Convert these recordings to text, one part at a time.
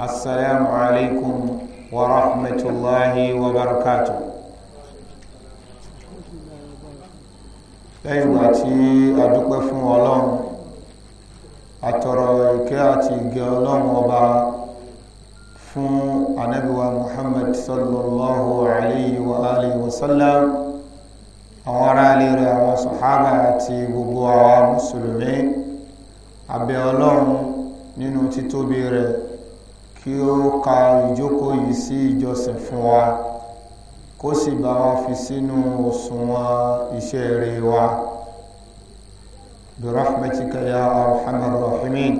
السلام عليكم ورحمة الله وبركاته lẹ́yìn ìgbà tí a dúpẹ́ fún ọlọ́run àtọ̀rọ̀ ìkẹ́ àti ìgẹ́ ọlọ́run ọba fún anábíwa muhammad sallallahu alayhi wa alihi wa sallam àwọn ará ilé rẹ̀ àwọn sàhábà àti gbogbo àwọn mùsùlùmí abẹ́ ọlọ́run nínú títóbi rẹ̀ kí ó ka ìjókòó yìí sí ìjọsìn fún wa kó sì bá wa fi sínú òṣùwọ̀n iṣẹ́ rere wa bi rahmatika ya arhamar rahimin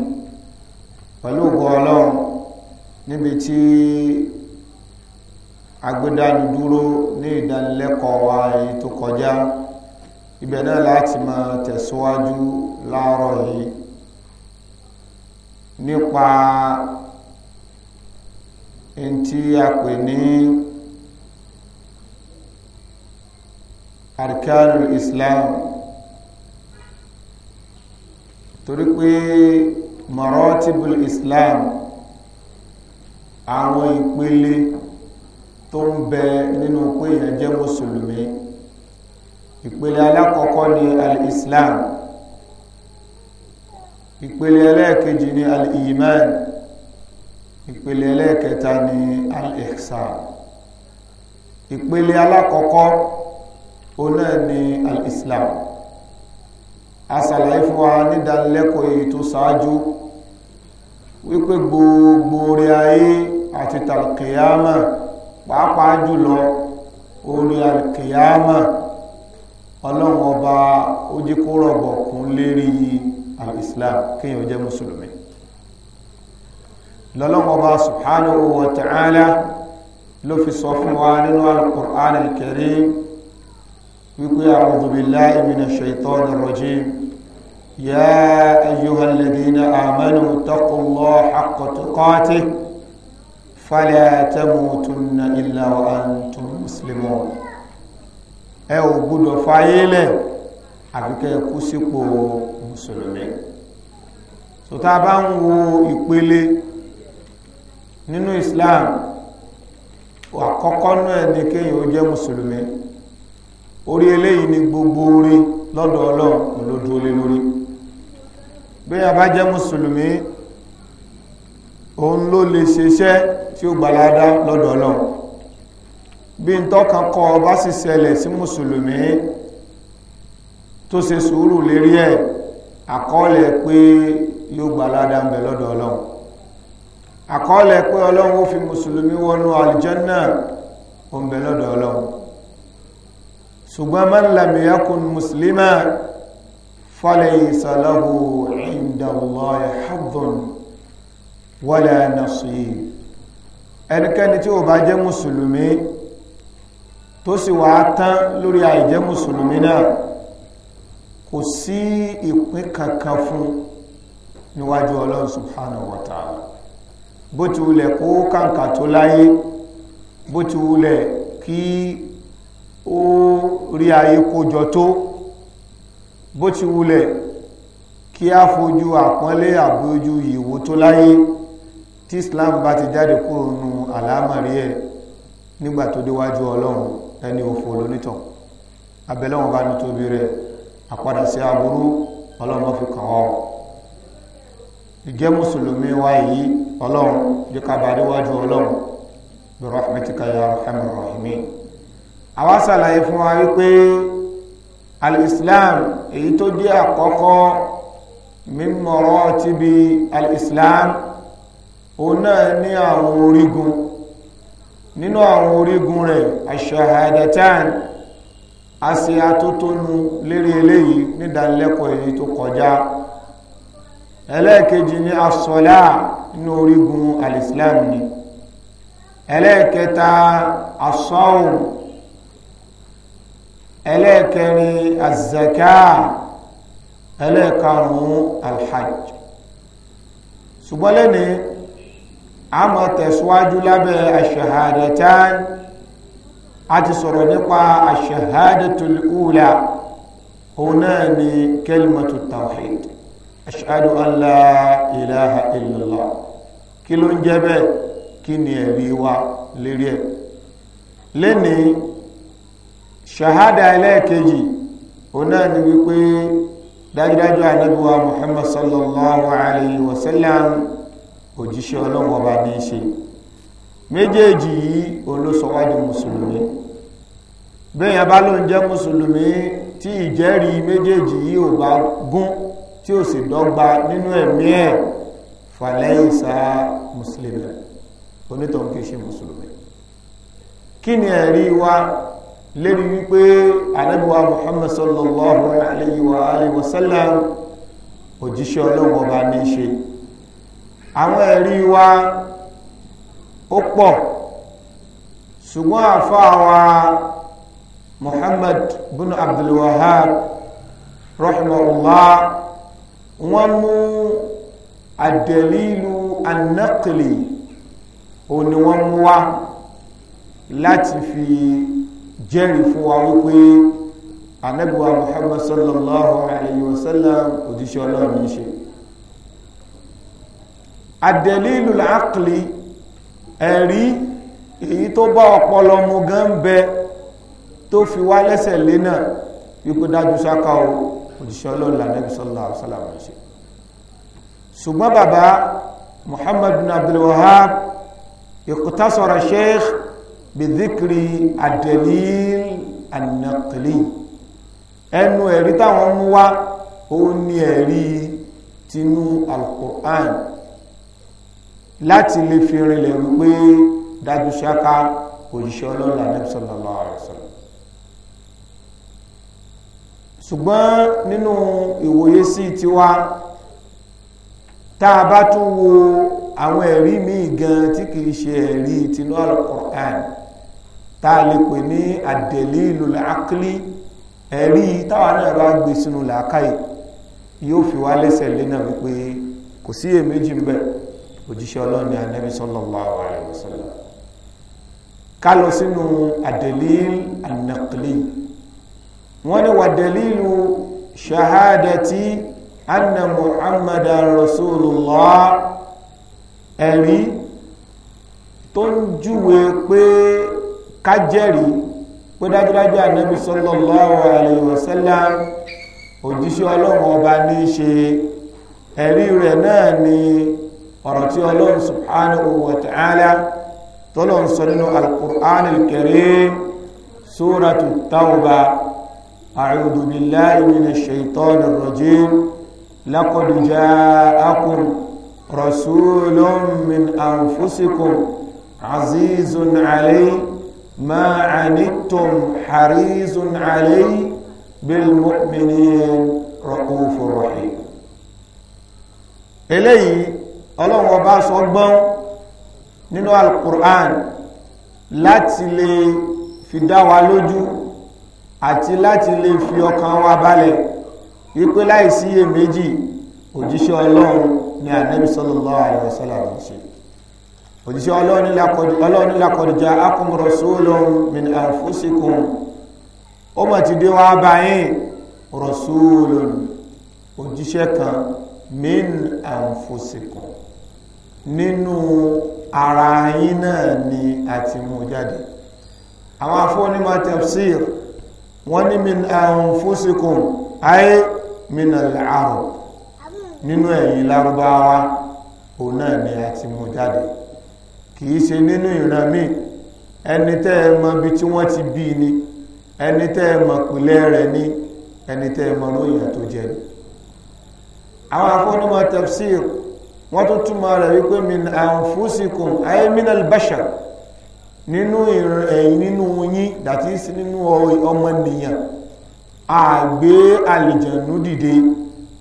pẹ̀lú ògùn ọlọ́run níbi tí agbédáni dúró ní ìdánilẹ́kọ̀ọ́ wa èyí tó kọjá ibẹ̀ náà láti máa tẹ̀síwájú láàárọ̀ yìí nípa ntí a pè ní arkanul islam torí pé maratibul islam àwọn ìpele tó ń bẹ nínú pé èèyàn jẹ́ mùsùlùmí ìpele alákọ̀ọ́kọ́ ni al-islam ìpele ẹlẹ́ẹ̀kejì ni al-iman al ìpele ẹlẹ́ẹ̀kẹta ni al-ihsan ìpele alákọ̀ọ́kọ́ òun náà ni al-islam asàlàyé fún wa nídánilẹ́kọ̀ọ́ èyí tó ṣáájú wípé gbogbo orí ayé àti tàlkìyàmà pàápàá jùlọ orí alkìyàmà ọlọ́run ọba ó jí kó rọ̀gbọ̀kún lérí al-islam kéèyàn mùsùlùmí lọ́lọ́wọ́ bá subhanahu wa ta'ala ló fi sọ fún wa nínú al-Qur'an al-Karim wípé a'udhu billahi minash shaitani rajim ya ayyuhal ladhina amanu taqullaha haqqa tuqatih fala tamutunna illa wa antum muslimun so nínú Islam àkọ́kọ́ náà ni kéèyàn ó jẹ́ mùsùlùmí orí eléyìí ni gbogbo orí lọ́dọ̀ ọlọ́run olódó lé lórí bí a bá jẹ́ mùsùlùmí òun ló lè ṣeṣẹ́ tí ó gbalada lọ́dọ̀ ọlọ́run bí n tọ́kan kọ bá sì ṣẹlẹ̀ sí mùsùlùmí tó ṣe sùúrù lérí ẹ̀ àkọọ́lẹ̀ pé yóò gbalada ń bẹ lọ́dọ̀ ọlọ́run àkọọ́lẹ̀ pé ọlọ́run ó fi mùsùlùmí wọnú aljanna ó ń bẹ lọ́dọ̀ ọlọ́run ṣùgbọ́n man lam yakun muslima falaysa lahu inda Allahi haddun wala nasib ẹnikẹ́ni tí ó bá jẹ́ mùsùlùmí tó sì wà tán lórí àìjẹ́ mùsùlùmí náà kò sí ìpín kankan fún níwájú ọlọ́run subhanahu wa ta'ala bó ti wulẹ̀ kó kàǹkà tó láyé bó ti wulẹ̀ kí ó rí ayé kójọ tó bó ti wulẹ̀ kí a fojú àpọ́nlé àbójú ìwò tó láyé tí Islam bá ti jáde kúrò nù àlámàrí ẹ̀ nígbà tó déwájú ọlọ́run ẹni òfò lónítàn abẹ́lẹ́wọ̀n bá ní tóbi rẹ̀ àpadà sí aburú ọlọ́run fi kàn ọ́ ìjẹ́ mùsùlùmí wa yìí ọlọ́run jẹ́ ká bá déwájú ọlọ́run bí rahmatika ya arhamar rahimin àwa ṣàlàyé fún wa wípé al-islam èyí tó jẹ́ àkọ́kọ́ min maratibi al-islam òun náà ní àwọn orígun nínú àwọn orígun rẹ̀ ash-shahadatan a ṣe lérí eléyìí nídánilẹ́kọ̀ọ́ èyí tó kọjá ẹlẹ́ẹ̀kejì ni asọ́lá ní orígun alìsílámù ni ẹlẹ́ẹ̀kẹta asọ́hùn ẹlẹ́ẹ̀kẹrin azaka ẹlẹ́ẹ̀karùn-ún alhajj ṣùgbọ́n lẹ́ni a máa tẹ̀síwájú lábẹ́ aṣahadatan a ti sọ̀rọ̀ nípa aṣahadatul ula òun ni kalimatu tawhid ashadu an la ilaha illallah kí ló ń jẹ́ bẹ́ẹ̀ kí ni ẹ̀rí wa lérí ẹ̀ lẹ́ni ṣahada ẹlẹ́ẹ̀kejì òun náà ni wípé dájúdájú ànábíwá muhammad sallallahu alayhi wa sallam òjíṣẹ́ ọlọ́run ọba ní í ṣe méjèèjì yìí olóṣọwádìí mùsùlùmí bẹ́ẹ̀ bá ló ń jẹ́ mùsùlùmí tí ìjẹ́rìí méjèèjì yìí ò bá gún tí ó sì dọ́gba nínú ẹ̀mí ẹ̀ fàlẹ́yìnsá mùsùlùmí onítọ̀hún kìí ṣe mùsùlùmí kí ni ẹ̀rí wa lérí wípé anábíwá muhammad sallallahu alayhi wa alayhi wa sallam òjíṣẹ́ ọlọ́wọ́ bá ní ṣe àwọn ẹ̀rí wa ó pọ̀ ṣùgbọ́n àfáà wa muhammad bin abdulwahab rahimahullah wọ́n mú àdẹ̀lílu anákìlì ò ní wọ́n mú wá láti fi jẹ́rìí fún wa wípé anábíwá muhammad sallallahu alayhi wa sallam òjíṣẹ́ ọlọ́run ní ṣe àdẹ̀lílu anákìlì ẹ̀rí èyí tó bá ọpọlọ mu gan bẹ tó fi wá lẹ́sẹ̀ lé náà wípé dájú sáká o òjíṣẹ́ ọlọ́run lànàbí sallallahu alaihi wasallam ṣe ṣùgbọ́n bàbá Muhammad bin Abdul Wahab iqtasara sheikh bidhikri ad-dalil an-naqli ẹnu ẹ̀rí táwọn mú wá ó ní ẹ̀rí tinú al-Qur'an láti lè fi rinlẹ̀ wípé dájú òjíṣẹ́ ọlọ́run lànàbí sallallahu alaihi ṣùgbọ́n nínú ìwòye sí tiwa tá a bá tún wo àwọn ẹ̀rí míì gan tí kìí ṣe ẹ̀rí tinú al-Qur'an a lè pè ní ad-dalilul aqli ẹ̀rí táwa náà bá gbé sínú làákàyè yóò fi wá lẹ́sẹ̀ lé náà wípé kò sí èméjì ń bẹ òjíṣẹ́ ọlọ́run ní Ànábì sallallahu alaihi wasallam ká lọ sínú ad-dalil wọ́n ní wà dalilu shahadati anna muhammadu rasulullah ẹ̀rí tó ń júwe pé kájẹ́rìí pé dájúdájú ànábi sallallahu alayhi wa sallam òjíṣẹ́ ọlọ́run ọba ní í ṣe ẹ̀rí rẹ̀ náà ni ọ̀rọ̀ tí ọlọ́run subhanahu wa ta'ala tọ́lọ́run sọ nínú al-Qur'an al-Karim أعوذ بالله من الشيطان الرجيم لقد جاءكم رسول من أنفسكم عزيز عليه ما عنتم حريز عليه بالمؤمنين رؤوف رحيم eléyìí الله ọba sọ gbọ́n القرآن alukur'an láti lè fi dá àti láti lè fi ọkàn wa balẹ̀ wípé láìsí èméjì òjíṣẹ́ ọlọ́run ni ànábì sallallahu alaihi wasallam ṣe òjíṣẹ́ ọlọ́run ní laqad ja'akum rasulun min anfusikum ó mọ̀ ti dé wá báyìí rasulun òjíṣẹ́ kan min anfusikum nínú ara yín náà ni a mú jáde àwọn afọ́nímọ̀ tafsir wọ́n ní min anfusikum ay min al-arab nínú ẹ̀yin lárúbáwá òun náà ni a ti mú jáde kìí ṣe nínú ìran míì ẹni tẹ́ ẹ mọ̀ bí tí wọ́n ti bí ni ẹni tẹ́ ẹ mọ̀ pìlẹ̀ rẹ̀ ni ẹni tẹ́ ẹ mọ̀ lóyìn tó jẹ́ ni àwọn afọ́nimọ̀ tafsir wọ́n tún túmọ̀ rẹ̀ wípé min anfusikum ay min al-bashar nínú ẹ̀yìn nínú yín dàtí sí nínú ọmọ nìyàn àgbé àlìjànú dìde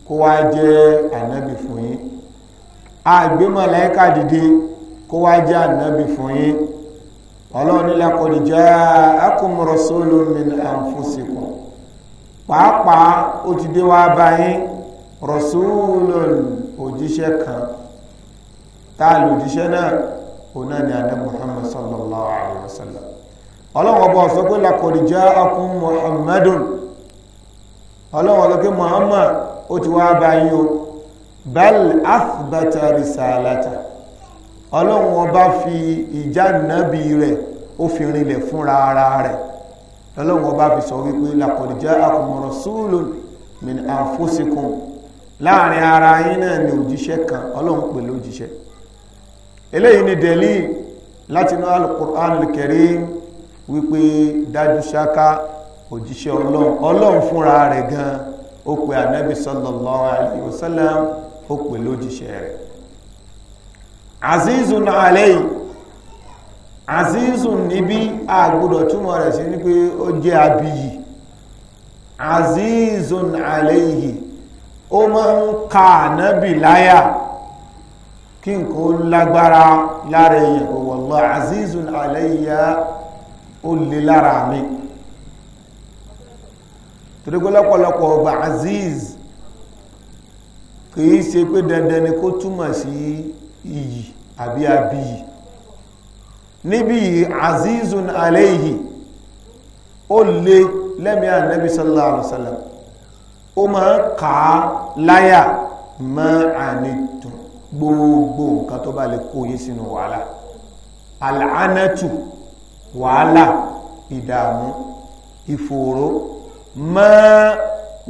kó wá jẹ́ ànábì fún yín àgbé màláíkà dìde kó wá jẹ́ ànábì fún yín ọlọ́run nílẹ̀ kọ́ ní jẹ́ akúmọ̀rọ̀ sólò min àǹfọ̀sìkọ̀ pàápàá ó ti dé wá báyìí rọ̀súlò òjíṣẹ́ kan tá a lòjíṣẹ́ náà ona ni adé muhammad sallallahu alayhi wa ọba ọ̀sọ́ pé laqad ja'akum muhammadun ọlọ́run ọlọ́kẹ́ muhammad ó ti wá bá o bal athbata risalata ọlọ́run ọba fi ìjà nábì rẹ̀ ó fi rinlẹ̀ fúnra ara rẹ̀ ọlọ́run ọba fi sọ wípé rasulun min láàrin ara eléyìí ni dẹ̀lí látinú al-Qur'an al wípé dájú ṣáká òjíṣẹ́ ọlọ́run ọlọ́run fúnra rẹ̀ gan ó pe sallallahu pè lójíṣẹ́ rẹ̀ azizun alayhi azizun níbi àgbọ́dọ̀ ka anabi laya kí n kò lágbára lára èèyàn kò wallahi azizun alayya ó lè lára mi torípé lọ́pọ̀lọpọ̀ ọba aziz kìí ṣe pé dandan ni kó túmọ̀ sí iyì àbí abiyì níbi azizun alayhi ó lè lẹ́mí ànábi sallallahu alaihi ó máa ń kàá láyà mọ́ ànìtùn gbogbo nkan tó bá lè kó yín sínú wàhálà al'anatu wàhálà ìdààmú ìfòòró mọ́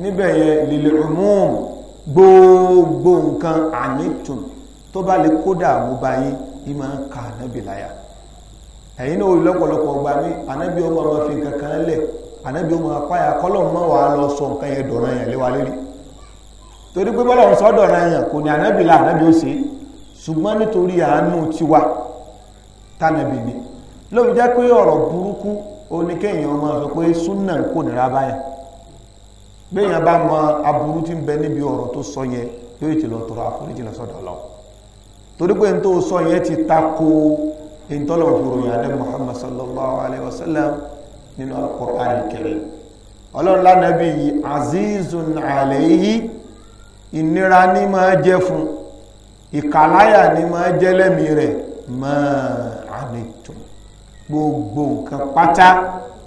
níbẹ̀ yẹn lílẹ̀ umum gbogbo nkan ànítùn tó bá lè kó dààmú bá ka ànábì láyà ẹ̀yìn náà lọ́pọ̀lọpọ̀ ní ànábì ọmọ ọmọ fi nǹkan kan lẹ̀ ànábì ọmọ lọ sọ nǹkan yẹn dọ̀rọ̀ yẹn torí pé bọ́lá ọ̀sán dọ̀ra èèyàn kò ní ànábì ànábì ó ṣùgbọ́n nítorí àánú tánàbì ni lóbi jẹ́ pé ọ̀rọ̀ burúkú oníkéèyàn ọmọ sọ pé súnà ń kò nira báyà béèyàn bá mọ aburú tí ń bẹ níbi ọ̀rọ̀ tó sọ yẹn yóò ti lọ tọrọ àforíjì lọ lọ torí pé n tó sọ yẹn ti ìtọ́lọ̀ ìròyìn àdé Muhammad sallallahu alayhi ìnira ní máa jẹ́ fún ìkàláyà ní máa jẹ́ lẹ́mí rẹ̀ máa àmìtò gbogbo nǹkan pátá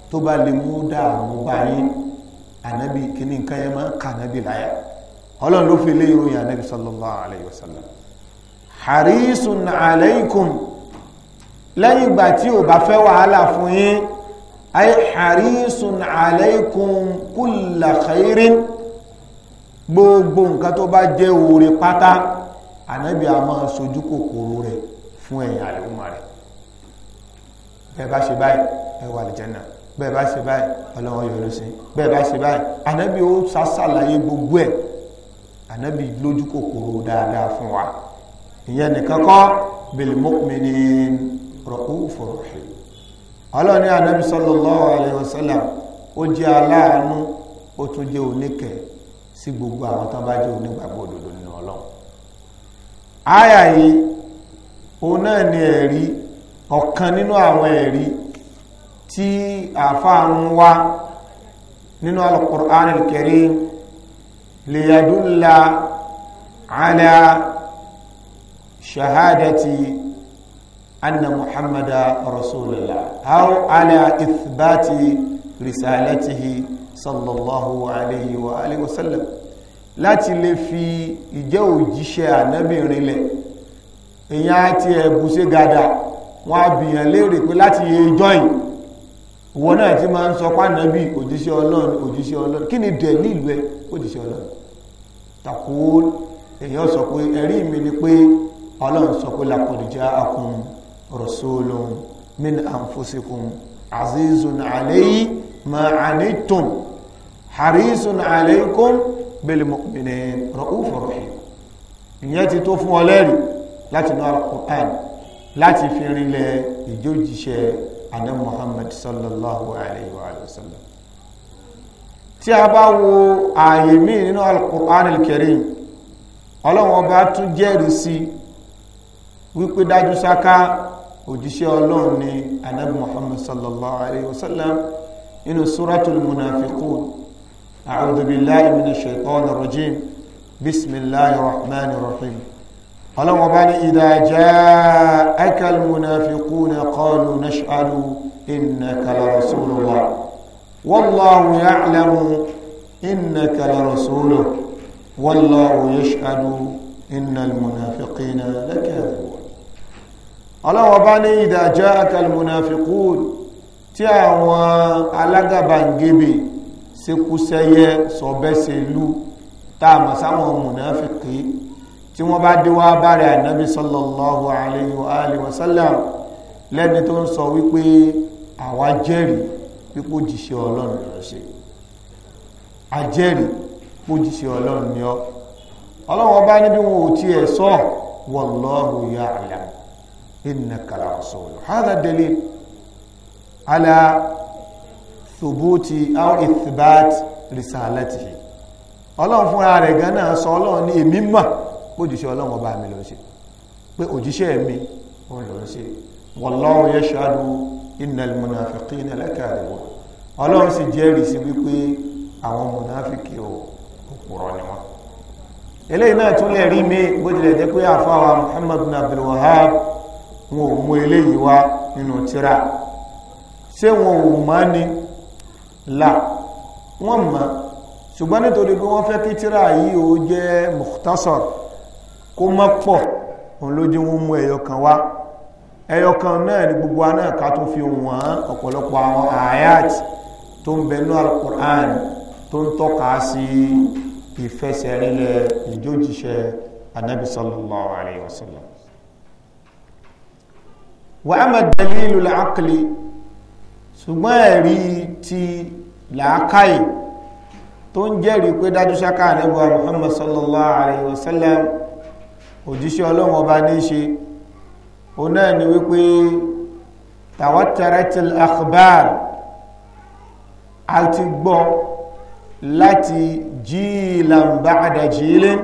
tó bá lè mú dààmú báyìí ànábì kíní nǹkan yẹn máa ń kà ànábì láyà ọlọ́run ló fi lé ìròyìn ànábì sallallahu alayhi wa harisun alaykum lẹ́yìn ìgbà tí ò bá fẹ́ wàhálà fún yín ay harisun alaykum kulla khairin gbogbo nǹkan tó bá jẹ́ oore pátá ànábì a máa sojú kòkòrò rẹ̀ fún ẹ̀yìn àlẹ́wọ̀n rẹ̀ bẹ́ẹ̀ bá ṣe báyìí ẹ wà lè jẹ́nà bẹ́ẹ̀ bá ṣe báyìí ọlọ́wọ́n yọrọ sí bẹ́ẹ̀ bá ṣe báyìí ànábì ó sásàlàyé gbogbo ẹ̀ ànábì lójú kòkòrò dáadáa fún wa ìyẹn nìkan kọ́ bil mu'minin ra'ufur rahim ó jẹ́ aláàánú sí gbogbo àwọn tó bá jẹ́ onígbàgbọ́ òdodo nínú ọlọ́run àyà yìí òun náà ni ẹ̀rí ọ̀kan nínú àwọn ẹ̀rí tí àáfàá ń wá nínú al-Qur'an al-Karim liyadulla ala shahadati anna muhammada rasulullah aw ala ithbati risalatihi sallallahu alayhi wa alayhi wa sallam láti lè fi ìjẹ́ òjíṣẹ́ ànábì rinlẹ̀ èyàn àti ẹ̀bù sí gada wọ́n àbìyàn léèrè pé láti ẹjọ́ yìí wọ́n náà ti máa ń sọ pé ànábì òjíṣẹ́ ọlọ́run òjíṣẹ́ ọlọ́run kí ni dẹ̀ nílùú ẹ òjíṣẹ́ ọlọ́run takò èyàn sọ pé ẹ̀rí mi ni pé ọlọ́run sọ pé laqad ja'akum rasulun min anfusikum azizun alayhi ma anittum harisun aleikum bil mu'minin ra'ufur rahim ìyẹn ti tó fún ọlẹ́rì láti inú al-Qur'an láti fi rinlẹ̀ ìjójíṣẹ́ anẹ́ Muhammad sallallahu alayhi wa sallam tí a bá wo ààyè míì nínú al-Qur'an al-Karim ọlọ́wọ́n bá tún jẹ́rìí sí wípé dájú sáká òjíṣẹ́ ọlọ́run ni anẹ́ Muhammad sallallahu alayhi wa sallam inú suratul munafiqun أعوذ بالله من الشيطان الرجيم بسم الله الرحمن الرحيم قال وبان إذا جاءك المنافقون قالوا نشهد إنك لرسول الله والله يعلم إنك لرسوله والله يشهد إن المنافقين لكاذبون ọlọ́wọ́ bá ní ìdàjá akàlùmùnàfikún tí àwọn alágàbàǹgébè sekusẹyẹ sọbẹsẹlu tá a mọ̀ sáwọn mùnàfíkì tí wọ́n bá dé wá bára ànábì sallallahu alayhi wa alihi wa sallam lẹ́ni tó ń sọ wípé àwa jẹ́rìí pípò jìṣẹ́ ọlọ́run lọ ṣe àjẹ́rìí pípò jìṣẹ́ ọlọ́run ni ọ ọlọ́run bá níbi wọn ò tiẹ̀ sọ wallahu ya'lam innaka rasul hadha dalil ala thubuti aw ithbat risalatihi ọlọ́run fúnra rẹ̀ gan náà sọ ọlọ́run ní èmi mọ̀ òjíṣẹ́ ọlọ́run ọba mi lọ ṣe pé òjíṣẹ́ mi òun lọ ṣe wallahu yashhadu innal munafiqina lakadibun ọlọ́run sì jẹ́rìí sí wípé àwọn mùnáfíkì ò òpùrọ̀ ni wọn eléyìí náà tún ò mú eléyìí la wọ́n mọ̀ ṣùgbọ́n nítorí pé wọ́n fẹ́ kí tíra yìí ó jẹ́ mukhtasar kó mọ́ pọ̀ òun ló jẹ́ wọ́n mú ẹyọ kan wá ẹyọ kan náà ni gbogbo wa náà ká tó fi wọ́n ọ̀pọ̀lọpọ̀ àwọn ayat tó ń bẹnú al tó ń tọ́ka sí ìfẹsẹ̀rinlẹ̀ ìjójíṣẹ́ anabi làákàyè tó ń jẹ́rìí pé dájú ṣáká ànábì Muhammad sallallahu alayhi wa sallam òjíṣẹ́ ọlọ́run ọba ní í ṣe òun náà ni wípé tawatarat al-akhbar a ti gbọ́ láti jíìlan ba'da jíìlin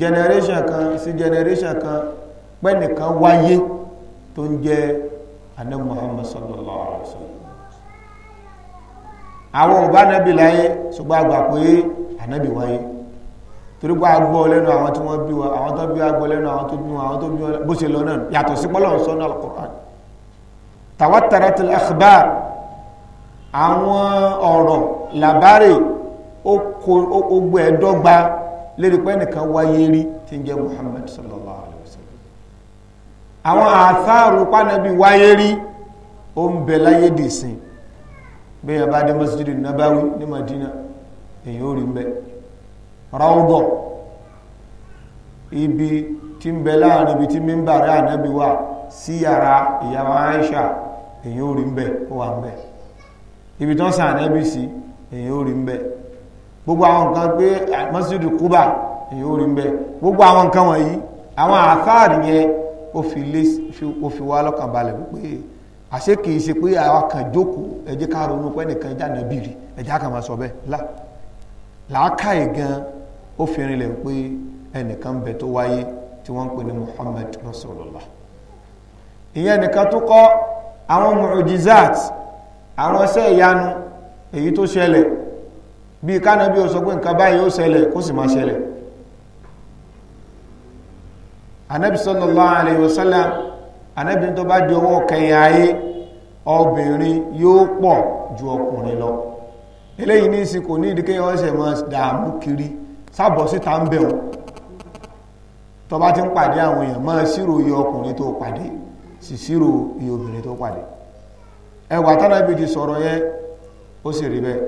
generation kan sí generation kan pẹ́nìkan wáyé tó ń jẹ́ ànábì Muhammad sallallahu alayhi wa sallam àwọn ò bá nábì láyé ṣùgbọ́n àgbà pé ànábì wáyé torí pé agbọ́ lẹ́nu àwọn tí wọ́n bí wa àwọn tó bí agbọ́ lẹ́nu àwọn tó bí wọn àwọn tó bí wọn bó ṣe lọ náà yàtọ̀ sí pọ́lọ̀ sọ́nà al-Qur'an tawatarat al-akhbar àwọn ọ̀rọ̀ làbárè ogbó ẹ̀dọ́gba lérí pé ẹnìkan wáyé rí tí ń jẹ́ Muhammad sallallahu alayhi wa sallam àwọn àtàrù bẹ́ẹ̀ bá dé masjid nabawi ní madina èyí ò rí ibi tí ń bẹ láàrin ibi tí mímbàrá ànábi wà sí yàrá ìyàwó aisha èyí ò rí ibi tó sàn ànábi sí èyí ò rí gbogbo àwọn nǹkan pé kuba èyí ò rí gbogbo àwọn nǹkan wọ̀nyí àwọn àfáàrí yẹn ó fi wá lọ́kàn àṣé kì í ṣe pé àwa kan jókòó ẹ jẹ́ ká ronú pé nìkan jáde bìrì ẹjẹ́ àkàn máa sọ bẹ́ẹ̀ lá làákàyè gan ó fi rinlẹ̀ pé ẹnìkan bẹ tó wáyé tí wọ́n ń pè ní Muhammad Rasulullah ìyẹn nìkan tó kọ́ àwọn mu'jizat àwọn iṣẹ́ ìyanu èyí tó ṣẹlẹ̀ bíi kánábí ó sọ pé nǹkan báyìí ó ṣẹlẹ̀ kó sì máa ṣẹlẹ̀ anabi sallallahu alayhi wa sallam anábìrin tó bá di ọwọ́ kẹyìn ayé obìnrin yóò pọ̀ ju ọkùnrin lọ eléyìí ní ìsìn ní ìdíkẹ́ ọ̀sẹ̀ mọ́ dààmú kiri sábọ̀ síta ń bẹ̀rù tó bá ti ń pàdé àwọn èèyàn mọ́ sírò iye ọkùnrin tó pàdé sì sírò iye obìnrin tó pàdé ẹwà tánàbí ti sọ̀rọ̀ yẹn ó sì rí bẹ́ẹ̀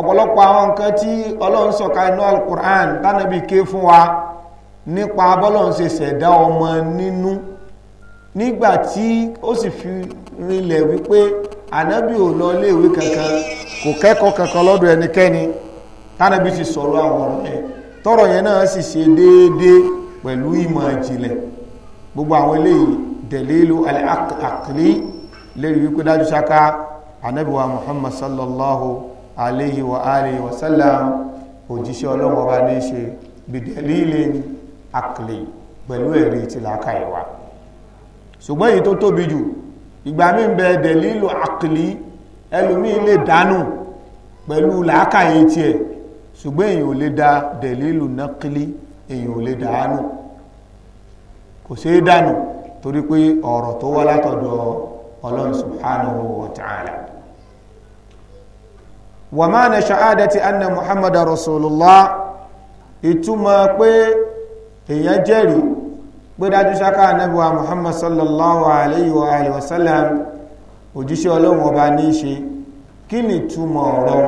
ọ̀pọ̀lọpọ̀ àwọn nǹkan tí ọlọ́run sọ̀ka inú alukur'an tánàbí ké fún wa nípa bọ́lọ́run ṣe ṣẹ̀dá ọmọ nínú nígbàtí ó sì fi rinlẹ̀ wípé ànábì ò lọ ilé ìwé kankan kò kẹ́kọ̀ọ́ kankan lọ́dọ̀ ẹnikẹ́ni tánàbí ti sọ̀rọ̀ àwọn ọ̀rọ̀ yẹn tọ́rọ̀ yẹn náà sì ṣe déédéé pẹ̀lú ìmọ̀ ìjìnlẹ̀ gbogbo àwọn eléyìí dalilu al-aqli lérí wípé dájú sáká ànábì wa muhammad sallallahu alayhi wa alihi wa sallam òjíṣẹ́ ọlọ́wọ́ bá ní ṣe bìdẹ̀lílẹ̀ aqli pẹ̀lú ẹ̀rí ti làákàyè ṣùgbọ́n èyí tó tóbi jù ìgbà mí ń bẹ dẹ̀lílù àkìlí ẹlòmí lè dánù pẹ̀lú làákàyè tiẹ̀ ṣùgbọ́n èyí ò lè da dẹ̀lílù nákìlí èyí ò lè dánù kò ṣe é dánù torí pé ọ̀rọ̀ tó wá látọ̀dọ̀ ọlọ́run subhanahu pé dájú ṣáká anábíwá muhammad sallallahu alayhi wa alayhi wa sallam òjíṣẹ́ ọlọ́run ọba ní í ṣe kí ni túmọ̀ ọ̀rọ̀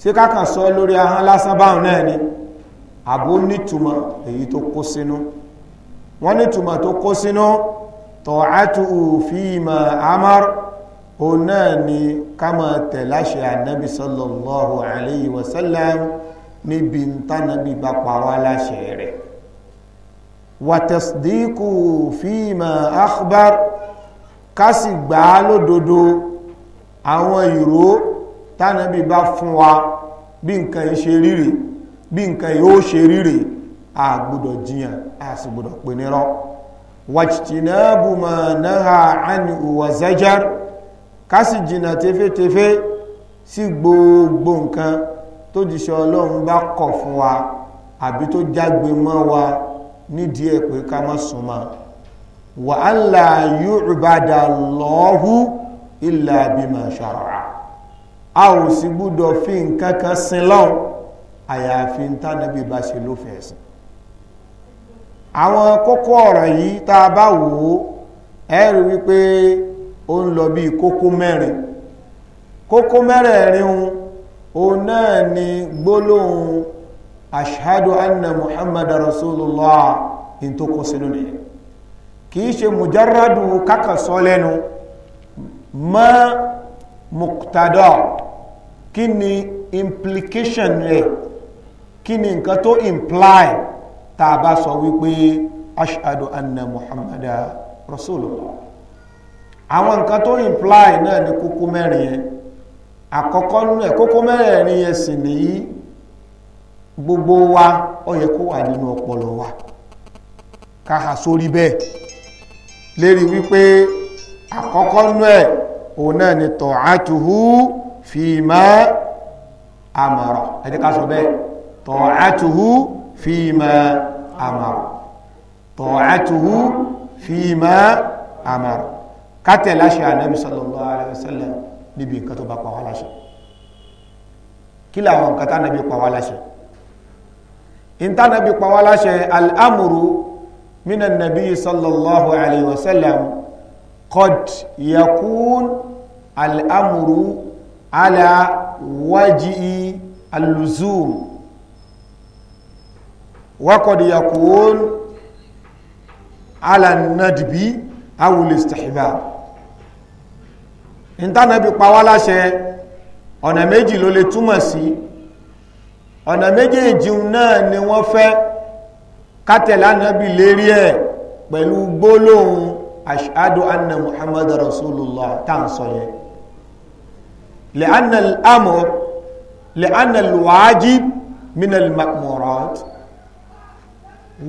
ṣé kákan sọ lórí ahọ́n lásán báwọn náà ni àbó nítumọ̀ èyí tó kó sínú wọ́n nítumọ̀ tó kó sínú tọ̀átù fíìmọ̀ amar òun náà ni ká máa tẹ̀láṣẹ ànábì sallallahu alayhi wa sallam níbi tánàbí bá pa wá láṣẹ rẹ̀ wàtẹ̀sídíkù fíìmà akhbar kásì gbà á lódodo àwọn ìró tánàbí bá fún wa bí nǹkan yìí ṣe ríre bí nǹkan yìí ó ṣe ríre a gbọ́dọ̀ jiyàn a sì gbọ́dọ̀ pè nírọ́ wàjtìnàbù mà náà àni wa zajar kásì jìnà tefetefe sí gbogbo nǹkan tó jìṣẹ́ ọlọ́run bá kọ̀ fún wa àbí tó jágbe mọ́ wa nídìí ẹ̀ pé ká má súnmọ́ wa alla yu'bada Allahu illa bima shar'a a ò sì gbúdọ̀ fi nǹkan kan sin lọ́hùn àyàfi tánàbí bá ṣe ló fẹ́ àwọn kókó ọ̀rọ̀ yìí tá a bá wò ó ẹ rí wípé ó ń lọ bí kókó mẹ́rin kókó mẹ́rẹ̀ẹ̀rin òun náà ni gbólóhùn ashhadu anna muhammad rasulullah in tó kó sínú ni kìí ṣe mujarradu kaka sọ lẹ́nu ma muktada kí ni implication rẹ̀ kí ni nǹkan imply tá a bá sọ wípé ashhadu anna muhammad rasulullah àwọn nǹkan tó imply náà ni kókó mẹ́rin yẹn àkọ́kọ́ nínú ẹ̀ kókó mẹ́rin yẹn sì nìyí gbogbo wa ó yẹ kó wà nínú ọpọlọ wa káhà sórí bẹ́ẹ̀ lérí wípé àkọ́kọ́ nú ẹ̀ òun náà ni ta'atuhu fima amara ẹ̀dẹ́ká sọ bẹ́ẹ̀ ta'atuhu fima amara ta'atuhu fima amara kátẹ̀ láṣẹ ànábì sallallahu alaihi níbi nǹkan tó bá pa wá láṣẹ kí làwọn nǹkan tá ànábì pa wá láṣẹ ìntànàbí pàwọ́ aláṣẹ al'amuru minan nabi sallallahu alayhi wa sallam qad yakun al'amuru ala waji'i al-luzum wa qad yakun ala nadbi awul istihbab ìntànàbí pàwọ́ aláṣẹ ọ̀nà méjì ló lè túmọ̀ sí ọ̀nà méjèèjì náà ni wọ́n fẹ́ kátẹ̀lá náàbì lérí ẹ̀ pẹ̀lú gbólóhùn ashhadu anna muhammadu rasulullah tàǹsọ yẹn li'anna al-amr li'anna al-wajib min al-ma'murat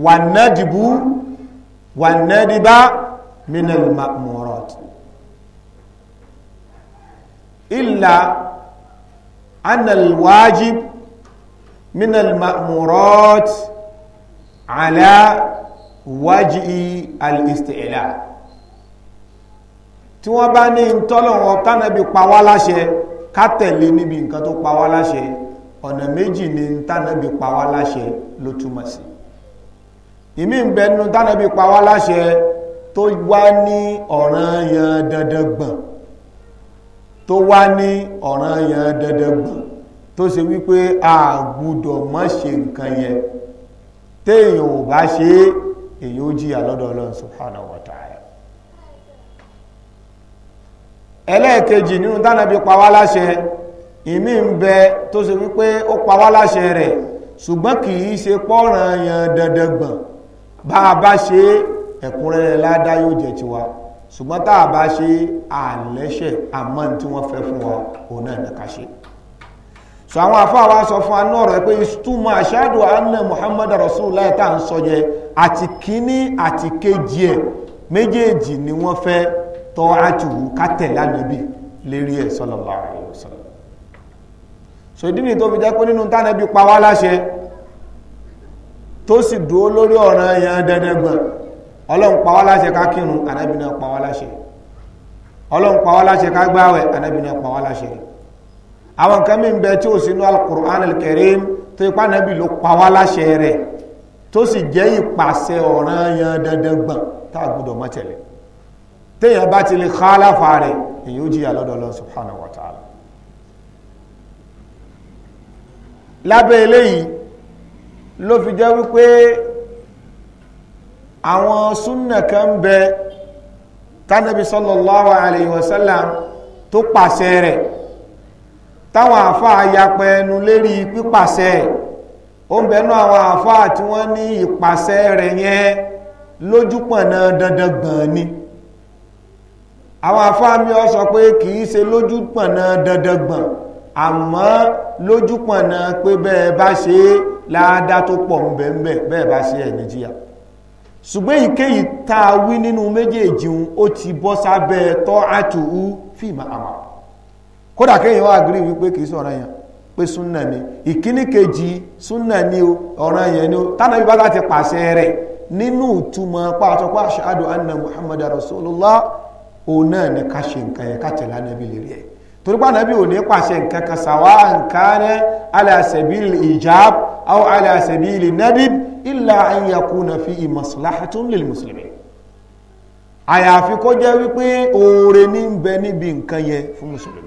wa nadibu wa nadiba illa anna al من المأمورات على وجه al-isti'la tí wọ́n bá ní tọ́lọ̀wọ́ tánàbí pawá láṣẹ ká tẹ̀lé níbi nǹkan tó pawá láṣẹ ọ̀nà méjì ni tánàbí pawá láṣẹ ló túmọ̀ sí ìmí ń bẹnu tánàbí pawá tó wá ní ọ̀ràn yẹn dandan gbọ̀n tó wá ní ọ̀ràn yẹn dandan gbọ̀n tó ṣe wípé a gbúdọ̀ mọ́ ṣe nǹkan yẹn téèyàn ò bá ṣe èyí ó jí lọ́dọ̀ ọlọ́run subhanahu wọ̀ta ta'ala ẹlẹ́ẹ̀kejì nínú tánàbí pa wá láṣẹ ìmí ń bẹ tó ṣe wípé ó pa láṣẹ rẹ̀ ṣùgbọ́n kì í ṣe yan bá a bá ṣe ẹ̀kúnrẹ́rẹ́ yóò ṣùgbọ́n tá a bá ṣe àlẹ́ṣẹ̀ àmọ́ tí wọ́n fẹ́ fún wa òun náà so àwọn àfáà wa sọ fún anú ọ̀rọ̀ pé istuma ashadu anna muhammad rasulullah tá à ń sọ yẹ àti kíní àti kejì ẹ̀ méjèèjì ni wọ́n fẹ́ tọ́ àtùwù kátẹ̀ lánàbí lérí ẹ̀ sallallahu alaihi wasallam so ìdí ni tó fi jẹ́ pé nínú tánàbí pa wá láṣẹ tó sì dúró lórí ọ̀ràn yẹn dẹ́dẹ́gbọ̀n ọlọ́run pa wá láṣẹ ká kírun ànábì pa wá láṣẹ ọlọ́run pa wá láṣẹ ká gbáwẹ̀ ànábì pa wá láṣẹ rẹ̀ àwọn nǹkan mi ń bẹ tí ó sínú al-Qur'an al-Karim tó ipá nàbì ló pa wá láṣẹ rẹ̀ tó sì jẹ́ ìpàṣẹ ọ̀ràn yan dandan gbọ̀n tá a gbọ́dọ̀ má tẹ̀lé téèyàn bá ti lè khalafa rẹ̀ èyí ó jìyà lọ́dọ̀ Allah subhanahu wa ta'ala lábẹ́ eléyìí ló fi jẹ́ wípé àwọn súnnà kan ń bẹ tánàbí sallallahu alayhi wa sallam tó pàṣẹ rẹ̀ táwọn àfáà yapa ẹnu lérí pípàṣẹ ó ń bẹnu àwọn àfáà tí wọ́n ní ìpàṣẹ rẹ̀ yẹn lójúpọ̀nà dandan gbọ̀n ni àwọn àfáà mi ọ sọ pé kìí ṣe lójúpọ̀nà dandan gbọ̀n àmọ́ lójúpọ̀nà pé bẹ́ẹ̀ bá ṣe é láàdá tó pọ̀ ń bẹ̀ẹ̀bẹ̀ bẹ́ẹ̀ bá ṣe ẹ̀ níjíyà ṣùgbọ́n ìkéyìí tá a wí nínú méjèèjì ó ti bọ́ sábẹ́ tọ́ àtúhú fìmà àmàrà kódà kéèyàn wá agree wípé kìí sọ̀rọ̀ yẹn pé súnà ni ìkíní kejì súnà ni o ọ̀ràn yẹn ni o tánàbí bá láti pàṣẹ rẹ̀ nínú ìtumọ̀ pàtàkì ashhadu anna muhammad rasulullah òun náà ni ká ṣe nǹkan yẹn ká tẹ̀lé ànábì lè rí ẹ̀ torí pa ànábì ò ní pàṣẹ nǹkan kan sàwá nǹkan rẹ̀ àyàfi kó jẹ́ wípé oore ní ń bẹ níbi nǹkan yẹn fún mùsùlùmí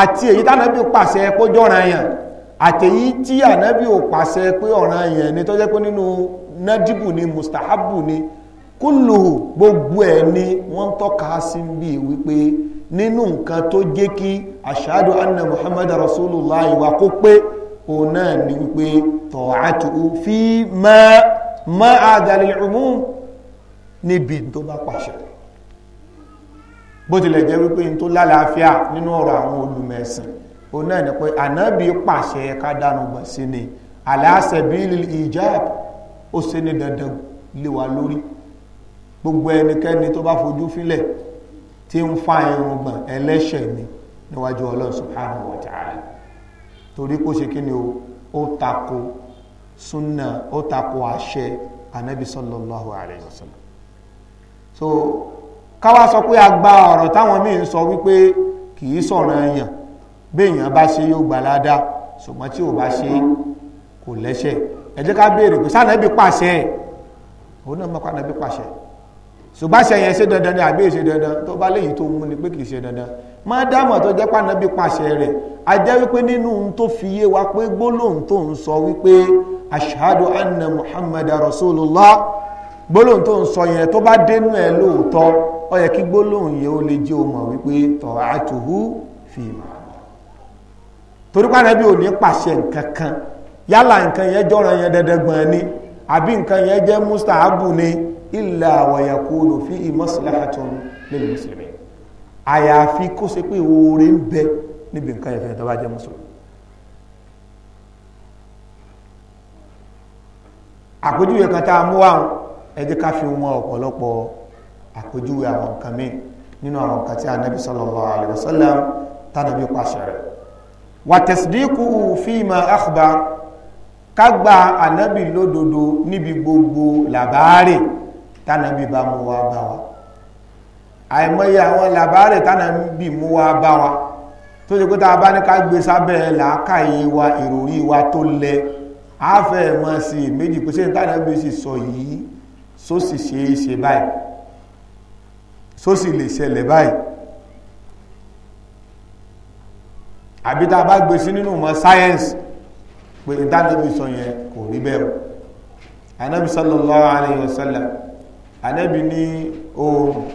àti èyí tánàbí pàṣẹ pé jọ́ran yàn àtèyí tí ànábì ò pàṣẹ pé ọ̀ràn yàn ni tó jẹ́ pé nínú nájíbù ni mustahabu ni kúlùhù gbogbo ẹ̀ ni wọ́n tọ́ka sí bí wípé nínú nǹkan tó jẹ́ kí ashadu anna muhammad rasulullah ìwà kó pé òun náà ni wípé tọ̀hátù fi ma ma adalil umum níbi tó bá pàṣẹ bó tilẹ̀ jẹ́ wípé n tó lálàáfíà nínú ọ̀rọ̀ àwọn olùmẹ̀sìn o náà ni pé ànábì pàṣẹ ká dánu gbọ̀n sí ni aláṣẹbílì ìjáàb ó ṣe ní dandan lé wa lórí gbogbo ẹnikẹ́ni tó bá fojú fílẹ̀ tí ń fa irun gbọ̀n ẹlẹ́ṣẹ̀ ni níwájú ọlọ́run subhanahu wa torí kó ṣe kí ni ó tako sunna ó tako àṣẹ ànábì sallallahu alayhi wa sallam so káwá sọ pé a gba ọ̀rọ̀ táwọn míì ń sọ wípé kì sọ̀rọ̀ èèyàn béèyàn bá ṣe yóò gbà ládàá ṣùgbọ́n tí ò bá ṣe kò lẹ́ṣẹ̀ ẹ jẹ́ ká béèrè pé sànẹ́bí pàṣẹ òun náà mọ̀pá nàbí pàṣẹ ṣùgbọ́n àṣẹ yẹn ṣe dandan ni àbí ṣe dandan tó bá léyìí tó mú ni pé kì í ṣe dandan má dámọ̀ tó jẹ́ pànàbí pàṣẹ rẹ̀ a jẹ́ wípé nínú ohun tó fi yé wa pé gbólóhùn tó ń sọ wípé ashhadu anna muhammadu rasulullah gbólóhùn tó ń sọ yẹn tó bá dénú ẹ lóòótọ́ ó yẹ kí gbólóhùn yẹ ó lè jẹ́ o mọ̀ wípé ta'atuhu fi ma'mur torí pé Ànábì ò ní pàṣẹ nǹkan kan yálà nǹkan yẹn jọra yẹn dandan gbọ̀n ni àbí nǹkan yẹn jẹ́ mustahabu ni illa wa yakunu fihi maslahatun lil àyàfi kó ṣe pé oore ń bẹ níbi nǹkan yẹn fẹ́ tó bá jẹ́ mùsùlùmí àpèjúwe kan tá a mú wá ẹ jẹ́ ká fi wọn ọ̀pọ̀lọpọ̀ àpèjúwe àwọn nǹkan míì nínú àwọn nǹkan tí anabi sallallahu alayhi wa sallam tánàbí pàṣẹ rẹ̀ wà tasdiqu fima akhbar ká gba anabi lódodo níbi gbogbo làbáàrè tánàbí bá mú wa bá wa àìmọye àwọn làbáàrè tánàbí mú wa bá wa tó ṣe pé tá a bá ní ká gbé sábẹ́ làákàyè wa ìròrí wa tó lẹ àáfẹ́ mọ̀ sí méjì pé ṣé tánàbí sì sọ yìí só ṣe é ṣe báyìí só sì lè ṣẹlẹ̀ báyìí àbí tá a bá gbé sí nínú mọ́ sáyẹ́nsì pé ìdánilẹ́bí sọ yẹn kò rí bẹ́ẹ̀ anábì sallallahu alayhi wa sallam anábì ní oòrùn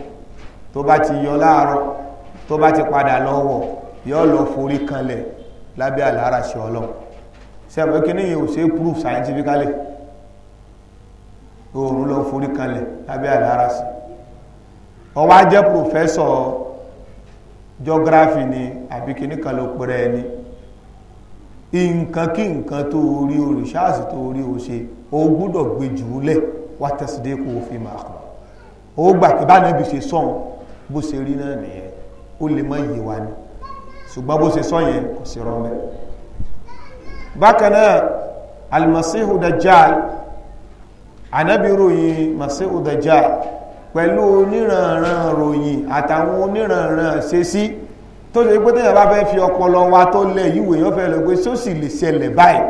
tó bá ti yọ láàárọ̀ tó bá ti padà lọ́wọ́ yọ lọ forí kanlẹ̀ lábẹ́ àlàárà sí ọlọ́run sẹ́wọ̀n kí ní yìí ò ṣe proof scientifically oòrùn lọ forí kanlẹ̀ lábẹ́ àlàárà sí ó wá jẹ́ pòfẹ́sọ̀ geography ni àbí kíní kan ló pẹ̀rẹ̀ ẹni nǹkan kí nǹkan tó orí olùṣáàsì tó orí o ṣe o gbúdọ̀ gbé jùúlẹ̀ wá tẹ̀sídé kó o fi máa kọ̀ ó gbà pé báyìí ṣe sọ̀hún bó ṣe rí náà nìyẹn ó lè mọ iye wa ni ṣùgbọ́n bó ṣe sọ yẹn kò sí rọ́mẹ́ bákan náà alimasihu dajjal anabi ròyìn masihu dajjal pẹ̀lú oníranran ròyìn àtàwọn oníranran ṣe sí tó ṣe pé téèyàn bá fẹ́ fi ọpọlọ wa tó lẹ̀ yíwèé yóò fẹ́ lọ pé sósì lè ṣẹlẹ̀ báyìí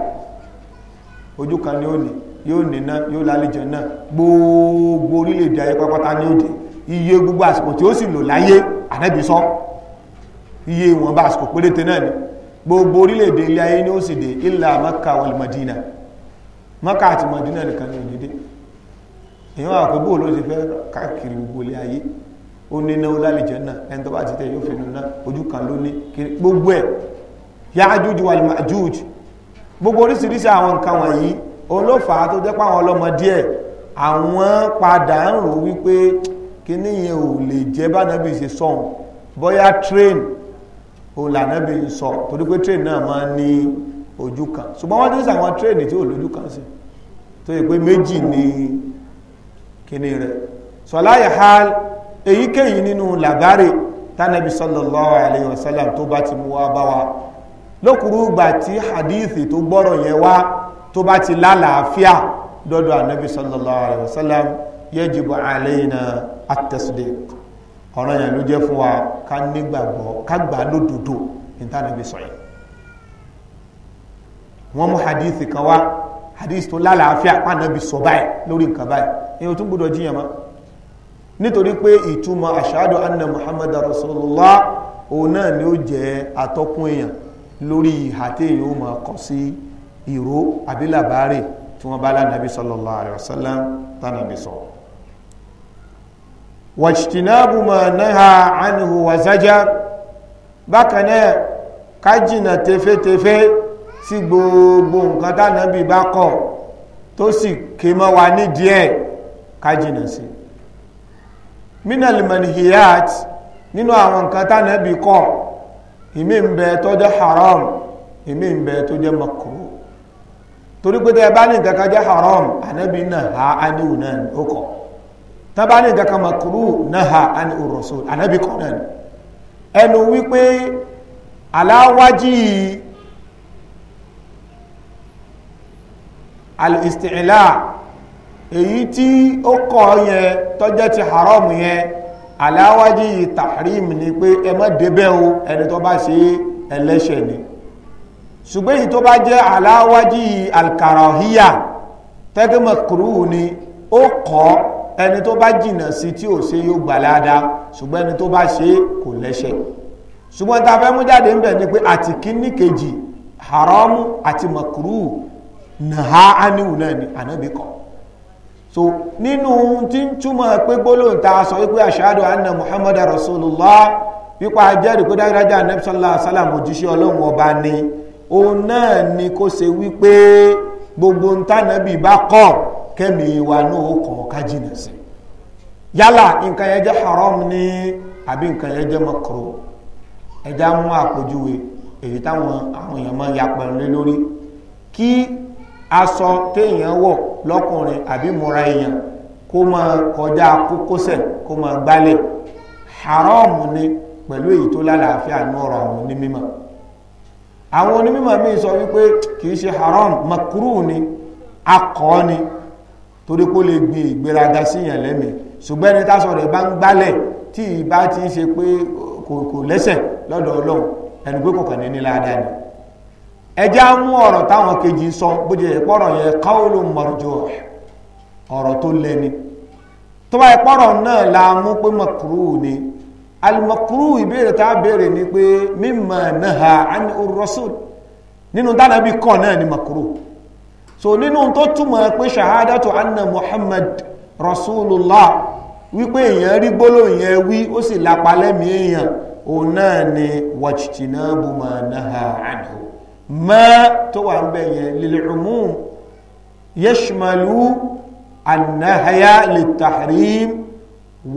ojú kan ni ó ní yóò níná yóò lálejò náà gbogbo orílẹ̀-èdè ayé pápátá ní òde iye gbogbo àsìkò tí ó sì lò láyé ànábì sọ iye ìwọ̀nba àsìkò péréte náà ni gbogbo orílẹ̀-èdè ilé ayé ní ó sì dé ilà maka wal madina maka àti madina nìkan ní òdìdé èyàn wà pé bóòlù ti fẹ́ káàkiri gbogbo ilé ayé ó ní náwó lálejẹ́ náà ẹni tó bá ti tẹ́ yóò fi nùnà ojú kan ló ní kiri gbogbo ẹ̀ Yájúj wal Májúj gbogbo oríṣiríṣi àwọn nǹkan wọ̀nyí òun tó jẹ́ páwọn ọlọ́mọ díẹ̀ àwọn padà ń rò wípé kíní yẹn ò lè jẹ́ bánábì ṣe sọ̀hún bóyá train òun lànábì ń sọ torí pé train náà máa ń ní ojú kan ṣùgbọ́n wọ́n ti ń sàwọn train tí ò lójú kan sí tó yẹ pé méjì ni kíní rẹ̀ sọláyà ha èyíkéyìí nínú làbárè tánàbí sallallahu alayhi wa sallam tó bá ti mú wa bá wa lókùrú gbà tí hadithi tó gbọ́rọ̀ yẹn wá tó bá ti lálàáfíà dọ́dọ̀ ànábì sallallahu alayhi wa sallam yajibu alayna at-tasdiq ọ̀rọ̀ yẹn ló jẹ́ fún wa ká nígbàgbọ́ ká gbà lódodo ìtànàbí sọ̀yìn wọ́n mú hadithi kan wá hadith tó lálàáfíà pànàbí sọ báyìí lórí nǹkan báyìí èyàn tún gbọ́dọ̀ jíyàn má nítorí pé ìtumọ̀ ashadu anna muhammad rasulullah òun náà ni ó jẹ́ atọ́kùn èyàn lórí ìhà tí èyàn ó máa kọ sí ìró àbí làbárè tí wọ́n bá lánàbí sallallahu alaihi tó sì ké mọ́ wa nídìí ẹ̀ kájìnà sí minal manhiyat nínú àwọn nǹkan tánàbí kọ̀ ìmí ń bẹ tó jẹ́ haram ìmí ń bẹ tó jẹ́ makruh torí pé tẹ́ bá ní nǹkan kan jẹ́ haram ànábì náà ha aníhù náà ó kọ̀ tẹ́ bá ní nǹkan kan náà ha aníhù rasul ànábì kọ̀ náà ni ẹnu wípé aláwájì al-isti'la' èyí tí ó kọ́ yẹn tọ́jẹ́ ti haram yẹn aláwájí tahrim ni pé ẹ má débẹ̀ o ẹni tó bá ṣe ẹlẹ́ṣẹ̀ ni ṣùgbọ́n èyí tó bá jẹ́ aláwájí alkarahiya tẹ́gẹ́mọ̀kúrú ni ó kọ́ ẹni tó bá jìnà sí tí ò ṣe yóò gbà ládàá ṣùgbọ́n ẹni tó bá ṣe kò lẹ́ṣẹ̀ ṣùgbọ́n tá fẹ́ mú jáde ń bẹ̀ ni pé àti kíní kejì haramu àti makruh nàá ánìwò náà ni ànábì so nínú tí ń túmọ̀ pé gbólóhùn ta sọ wípé ashhadu anna muhammad rasulullah wípa ajẹ́rìí pé dájúdájú anabi sallallahu alaihi wasallam òjíṣẹ́ ọlọ́run ọba ni òun náà ni kó ṣe wípé gbogbo ń tànàbì bá kọ́ kẹ́mi wa náà ó kàn ká jìnà sí yálà nǹkan yẹn jẹ́ haram ni àbí nǹkan yẹn jẹ́ makro ẹja mú àpèjúwe èyí táwọn àwọn èèyàn máa ń yapẹ̀rẹ̀ lórí kí aṣọ téèyàn wọ̀ lọ́kùnrin àbí múra èèyàn kó máa kọjá kókósẹ̀ kó máa gbálẹ̀ haramu ni pẹ̀lú èyí tó lálàáfíà ní ọ̀rọ̀ àwọn onímọ̀ àwọn onímọ̀ míì sọ wípé kìí ṣe haram makuru ni akọ́ ni torí kó lè gbin ìgbéraga síyàn lẹ́mìí ṣùgbọ́n ẹni tásọ rẹ̀ bá ń gbálẹ̀ tí ìbá ti ṣe pé kò lẹ́sẹ̀ lọ́dọ̀ ọlọ́run ẹni pé kò kàn ní ní ládàá ni ẹjẹ́ á mú ọ̀rọ̀ táwọn kejì sọ bó jẹ́ ìpọ́rọ̀ yẹn qawlun marjuh ọ̀rọ̀ tó lẹ́ni tó bá ìpọ́rọ̀ náà la mú pé makruh ni al ìbéèrè tá a béèrè ni pé mimma naha an ar-rasul nínú tánàbí kọ̀ náà ni makruh so nínú tó túmọ̀ pé shahadatu anna muhammad rasulullah wípé èèyàn rí gbólóhùn yẹn wí ó sì lápa lẹ́mìí èèyàn òun náà ni wajtinabu ma naha anhu mọ́ tó wà ń bẹ̀ yẹn lil'umum yashmalu annahya littahrim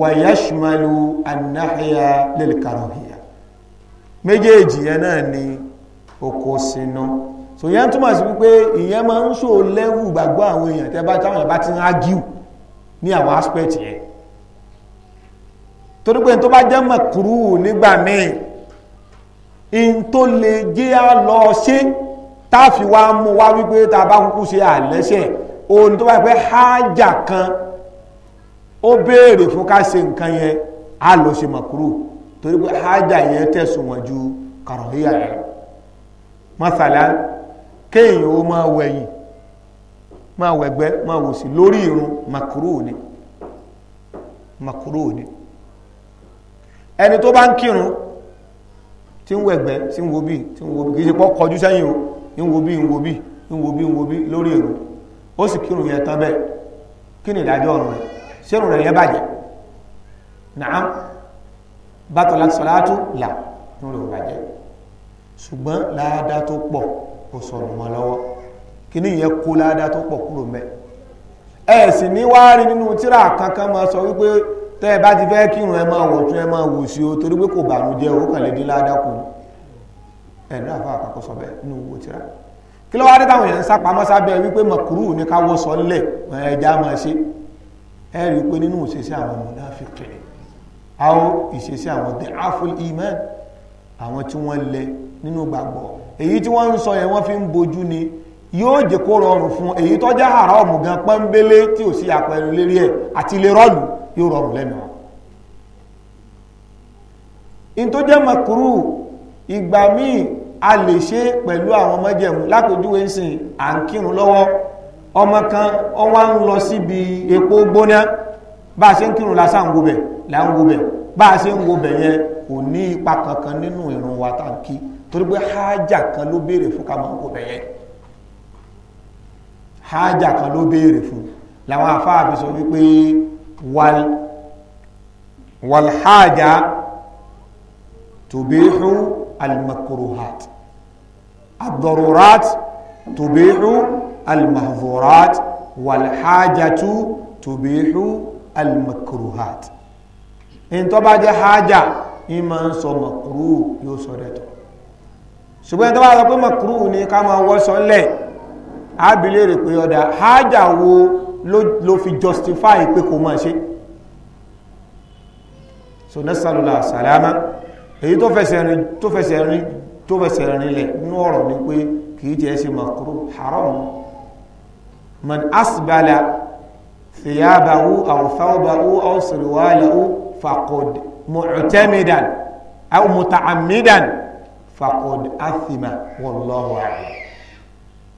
wa yashmalu annahya lilkarohiya méjèèjì yẹn náà ni oko sínú so yẹn túmọ̀ sí wípé ìyẹn máa ń sọ lẹ́wù gbàgbọ́ àwọn èèyàn tẹ́ bá táwọn ìbá ti ń ágíù ní àwọn aspect yẹn torí tó bá jẹ́ mọ̀kúrú nígbà míì in tó le jẹ́ à lọ ṣe táàfi wa mú wa wípé tá a bá kúkú ṣe àlẹ́ṣẹ̀ ohun tó bá pẹ́ hájà kan ó béèrè fún ká ṣe nǹkan yẹn á lọ ṣe màkúrò torí pé hájà yẹn tẹ̀sùn wọn ju kàrọ̀híyà rẹ̀ mọ́sàlá kéèyàn ó máa wẹ̀yìn máa wẹ̀gbẹ́ máa lórí irun màkúrò ni màkúrò ni ẹni tó bá ń kírun tí ń wẹ̀gbẹ́ tí ń wo bí tí ń wo bí kìí ṣe pọ́ kọjú sẹ́yìn o ń wo bí ń wo bí ń wo bí ń wo bí lórí èrò ó sì kírun yẹn tán bẹ́ẹ̀ kí ni ìdájọ́ ọ̀run rẹ̀ ṣé ìrun rẹ̀ yẹn bàjẹ́ nàá bàtọ̀ láti sọ láàtú là ń rò bàjẹ́ ṣùgbọ́n láàdá tó pọ̀ kò sọ̀rọ̀ mọ́ lọ́wọ́ kí ni ìyẹn kó láàdá tó pọ̀ kúrò mẹ́ ẹ̀ sì ní wá nínú tírà kankan máa sọ wípé tẹ́ ẹ bá ti fẹ́ kírun ẹ máa wọ̀tún ẹ máa wòsí o torí pé kò bànú jẹ́ ó kàn lè dín ládákù ẹ̀nà àfa àkọ́kọ́ sọ bẹ́ẹ̀ nínú owó tíra kí ló wá dé táwọn èèyàn ń sápamọ́ sábẹ́ wípé mọ̀kúrú ní ká wọ́ sọ ẹja máa ṣe ẹ rí i pé nínú ìṣesí àwọn mùnáfíkì àwọn ìṣesí àwọn the awful iman àwọn tí wọ́n lẹ nínú gbàgbọ́ èyí tí wọ́n ń sọ yẹn wọ́n fi ń bojú ni yóò jẹ́ kó rọrùn fún èyí tó já àrà ọ̀mùgán pọ́nbélé tí ò sí àpẹẹrẹ lérí ẹ̀ àti ilé rọ́ọ̀lù yóò rọrùn lẹ́nu wọn in tó jẹ́ makuru ìgbà míì a lè ṣe pẹ̀lú àwọn májẹ̀mú lápòjúwe ń sìn à ń kírun lọ́wọ́ ọmọ kan ọwá ń lọ síbi epo gbóná bá a ṣe ń kírun lásán ń wo bẹ̀ là ń wo bẹ̀ bá a ṣe ń wo bẹ̀ yẹn kò ní ipa kankan nínú ìrun wa tá à ń kí torí pé hájà kan ló béèrè fún ká máa ń wo yẹn hájà kan ló béèrè fún làwọn afáàbí wípé wal walhaja tubihu almakruhat ad-darurat tubihu almahdhurat walhajatu tubihu almakruhat in tó bá jẹ́ haja in ma ń sọ makru yóò sọ dẹ̀tọ̀ ṣùgbọ́n tó bá sọ pé makru ní ká ma wọ́ sọ lẹ̀ á bi léèrè pé ọ̀dà haja wo ló fi justify pé kò máa ṣe so nasalula salama èyí tó fẹsẹ̀ rìn tó fẹsẹ̀ rìn tó fẹsẹ̀ rìn lẹ̀ nínú ọ̀rọ̀ ni pé kìí jẹ́ ṣe makuru haram man asbala thiyabahu aw thawbahu aw sirwalahu faqad mu'tamidan aw muta'ammidan faqad athima wallahu a'lam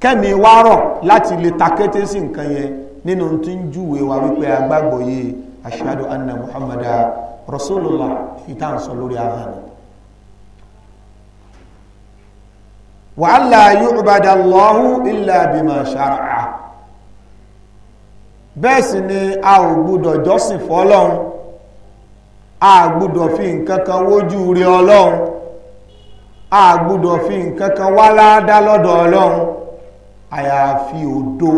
kẹ́mi wá rọ̀ láti lè takété sí nǹkan yẹn nínú tí ń júwe wa wípé agbágbọ̀ yìí ashhadu anna muhammadu rasulullah ìta ń sọ lórí ara rẹ̀ wa alla yu'bada Allahu illa bima shar'a bẹ́ẹ̀ sì ni a ò gbúdọ̀ jọ́sìn fọ́lọ́run a gbúdọ̀ fi nǹkan kan wójú rí ọlọ́run a gbúdọ̀ fi nǹkan kan wá ládá lọ́dọ̀ ọlọ́run àyàfi òdo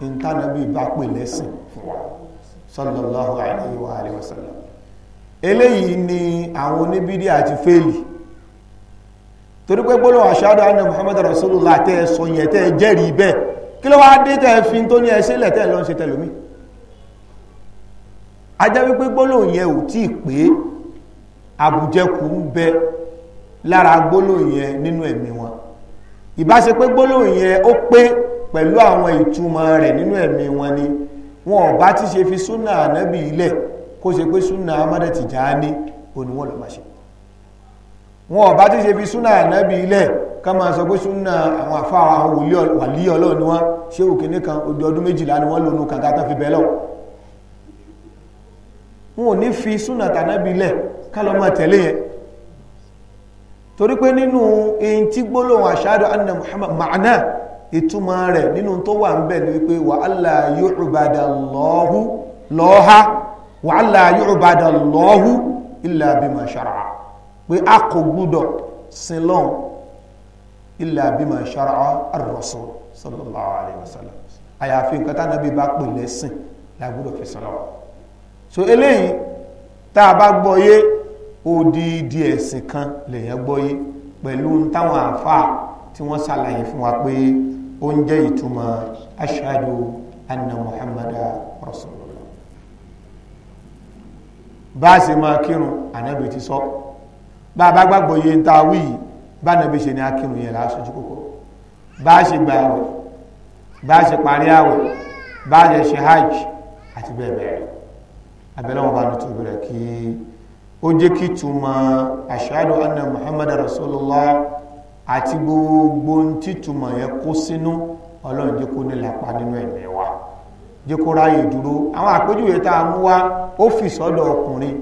ìntànàbí bá pè lẹ́sìn fún wa sallallahu alayhi eléyìí ni àwọn oníbídí àti fèèlì torí pé muhammad rasulullah tẹ́ sọ tẹ́ jẹ́rìí bẹ́ẹ̀ kí ló wá dé tẹ́ fi tó ní ẹsẹ̀ lẹ̀ lọ ń ṣe tẹ̀lómi ajá wípé yẹn ò tí pé ń bẹ lára ìbáṣe pé gbólóhùn yẹn ó pé pẹ̀lú àwọn ìtumọ̀ rẹ̀ nínú ẹ̀mí wọn ni wọn ò bá ti ṣe fi súnà ànábì ilẹ̀ kó ṣe pé súnà Ahmad Tijani òní wọn lọ máa ṣe wọn ò bá ti ṣe fi súnà ànábì ilẹ̀ ká máa sọ pé súnà àwọn àfáà àwọn wàlíì ọlọ́ọ̀ ni wọ́n ṣé òkèné kan odò ọdún méjìlá ni wọ́n lónú kàkà tán fi bẹ́ẹ̀ lọ wọn ò ní fi súnà tànábì ilẹ̀ ká lọ máa tẹ̀lé yẹn torí pé nínú in tí gbólóhùn ashadu anna muhammad ma'ana ìtumọ̀ rẹ̀ nínú tó wà ń bẹ̀ ní wípé wa alla yu'badallahu lọ́ha wa alla yu'badallahu illa bima shar'a pé a kò gbúdọ̀ sílọ́n illa bima shar'a ar-rasul sallallahu alayhi wa sallam àyàfi nǹkan tá nàbí bá pè lẹ́sìn la odidi ẹ̀sìn kan lèyàn gbọ́yé pẹ̀lú táwọn àfáà tí wọ́n ṣàlàyé fún wa pé ó ń jẹ́ ìtumọ̀ ashadu anna muhammadu rasulullah bá a sì máa kírun ànábì ti sọ bá a bá gbàgbọ́ yé ń ta wíyì bá ànábì ṣe ní akírun yẹn láṣojú kókó bá a ṣe gba àwẹ̀ bá a ṣe parí àwẹ̀ bá a ṣe ṣe hajj àti bẹ́ẹ̀ bẹ́ẹ̀ abẹ́lẹ́wọ̀n bá a nù tóbi rẹ̀ kí ó jẹ́ kí túmọ̀ ashadu anna muhammad rasulullah àti gbogbo tí túmọ̀ yẹn kó sínú ọlọ́run jẹ́ kó nílapa nínú ẹ̀mí wa jẹ́ kó ráyè dúró àwọn àpéjúwe tá a mú wá ó fi sọ́dọ̀ ọkùnrin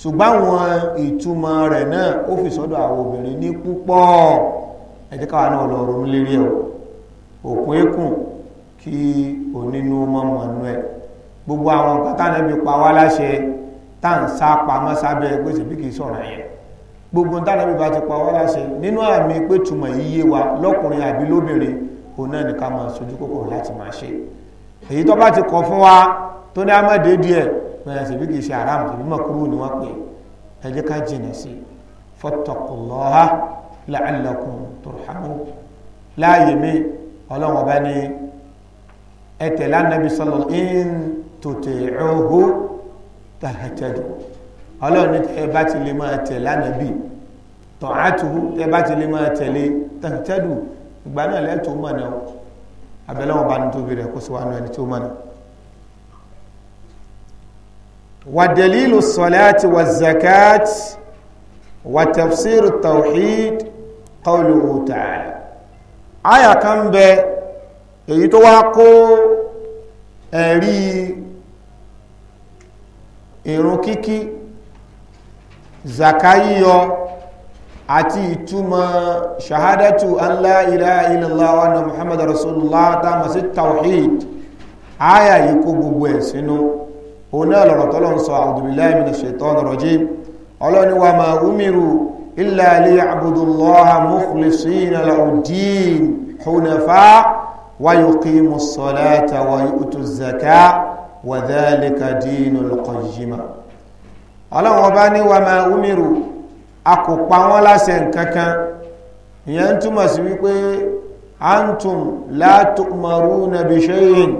ṣùgbọ́n àwọn ìtumọ̀ rẹ̀ náà ó fi sọ́dọ̀ àwọn obìnrin ní púpọ̀ ẹ káwa náà lọ lérí ẹ̀ òkun eékùn kí onínú mọ́mọ́ nú ẹ̀ gbogbo àwọn nǹkan tá a pa wá láṣẹ tá à ń sá pamọ́ sábẹ́ pé ṣèbí kìí sọ̀rọ̀ yẹn gbogbo tánàbí bá ti pa wá láṣẹ nínú àmì pé túmọ̀ yíyé wa lọ́kùnrin àbí lóbìnrin òun náà ní ká máa sojú kòkòrò láti máa ṣe èyí tó bá ti kọ̀ fún wa tó ní amáde díẹ̀ bẹ̀rẹ̀ ṣèbí kìí ṣe àràmù tàbí mọ̀kúrú ni wọ́n pè é ẹ ká jìnà sí fattaqullaha la'allakum turhamun láàyè mi ọlọ́run ọba ni ẹ tẹ̀lé ànábì sallallahu in tuti'uhu tàhátẹ́dù ọlọ́run ní tẹ́ bá ti lè máa tẹ̀ lánàá bì tàn átùhù tẹ́ bá ti lè máa tẹ̀lé tàhátẹ́dù ìgbà náà lẹ́tọ̀ọ́ mọ̀nà abẹ́lẹ́wọ̀n bá ní tóbi rẹ̀ kó sì wà nù ẹni tó mọ̀nà ودليل الصلاة والزكاة وتفسير التوحيد قوله تعالى àyá kan bẹ èyí tó wá kó ẹ̀rí ìrun kíkí zaka yíyọ àti ìtumọ̀ ṣahadatu an la ilaha illallah wa anna muhammadu rasulullah tá mọ̀ sí tawhid aya yìí kó gbogbo ẹ̀ sínú òun náà lọ̀rọ̀ tọ́lọ́ ń sọ a'udhu billahi minash shaitanir rajim ọlọ́ni wa ma umiru illa liya'budullaha mukhlisina lahu d hunafa wa yuqimu salata wa yu'tu z wa dhalika dinul qayyima ọlọ́run ọba ní wa ma umiru a kò pa wọ́n láṣẹ nǹkan kan ìyẹn túmọ̀ sí wípé antum la tu'maruna bi shay'in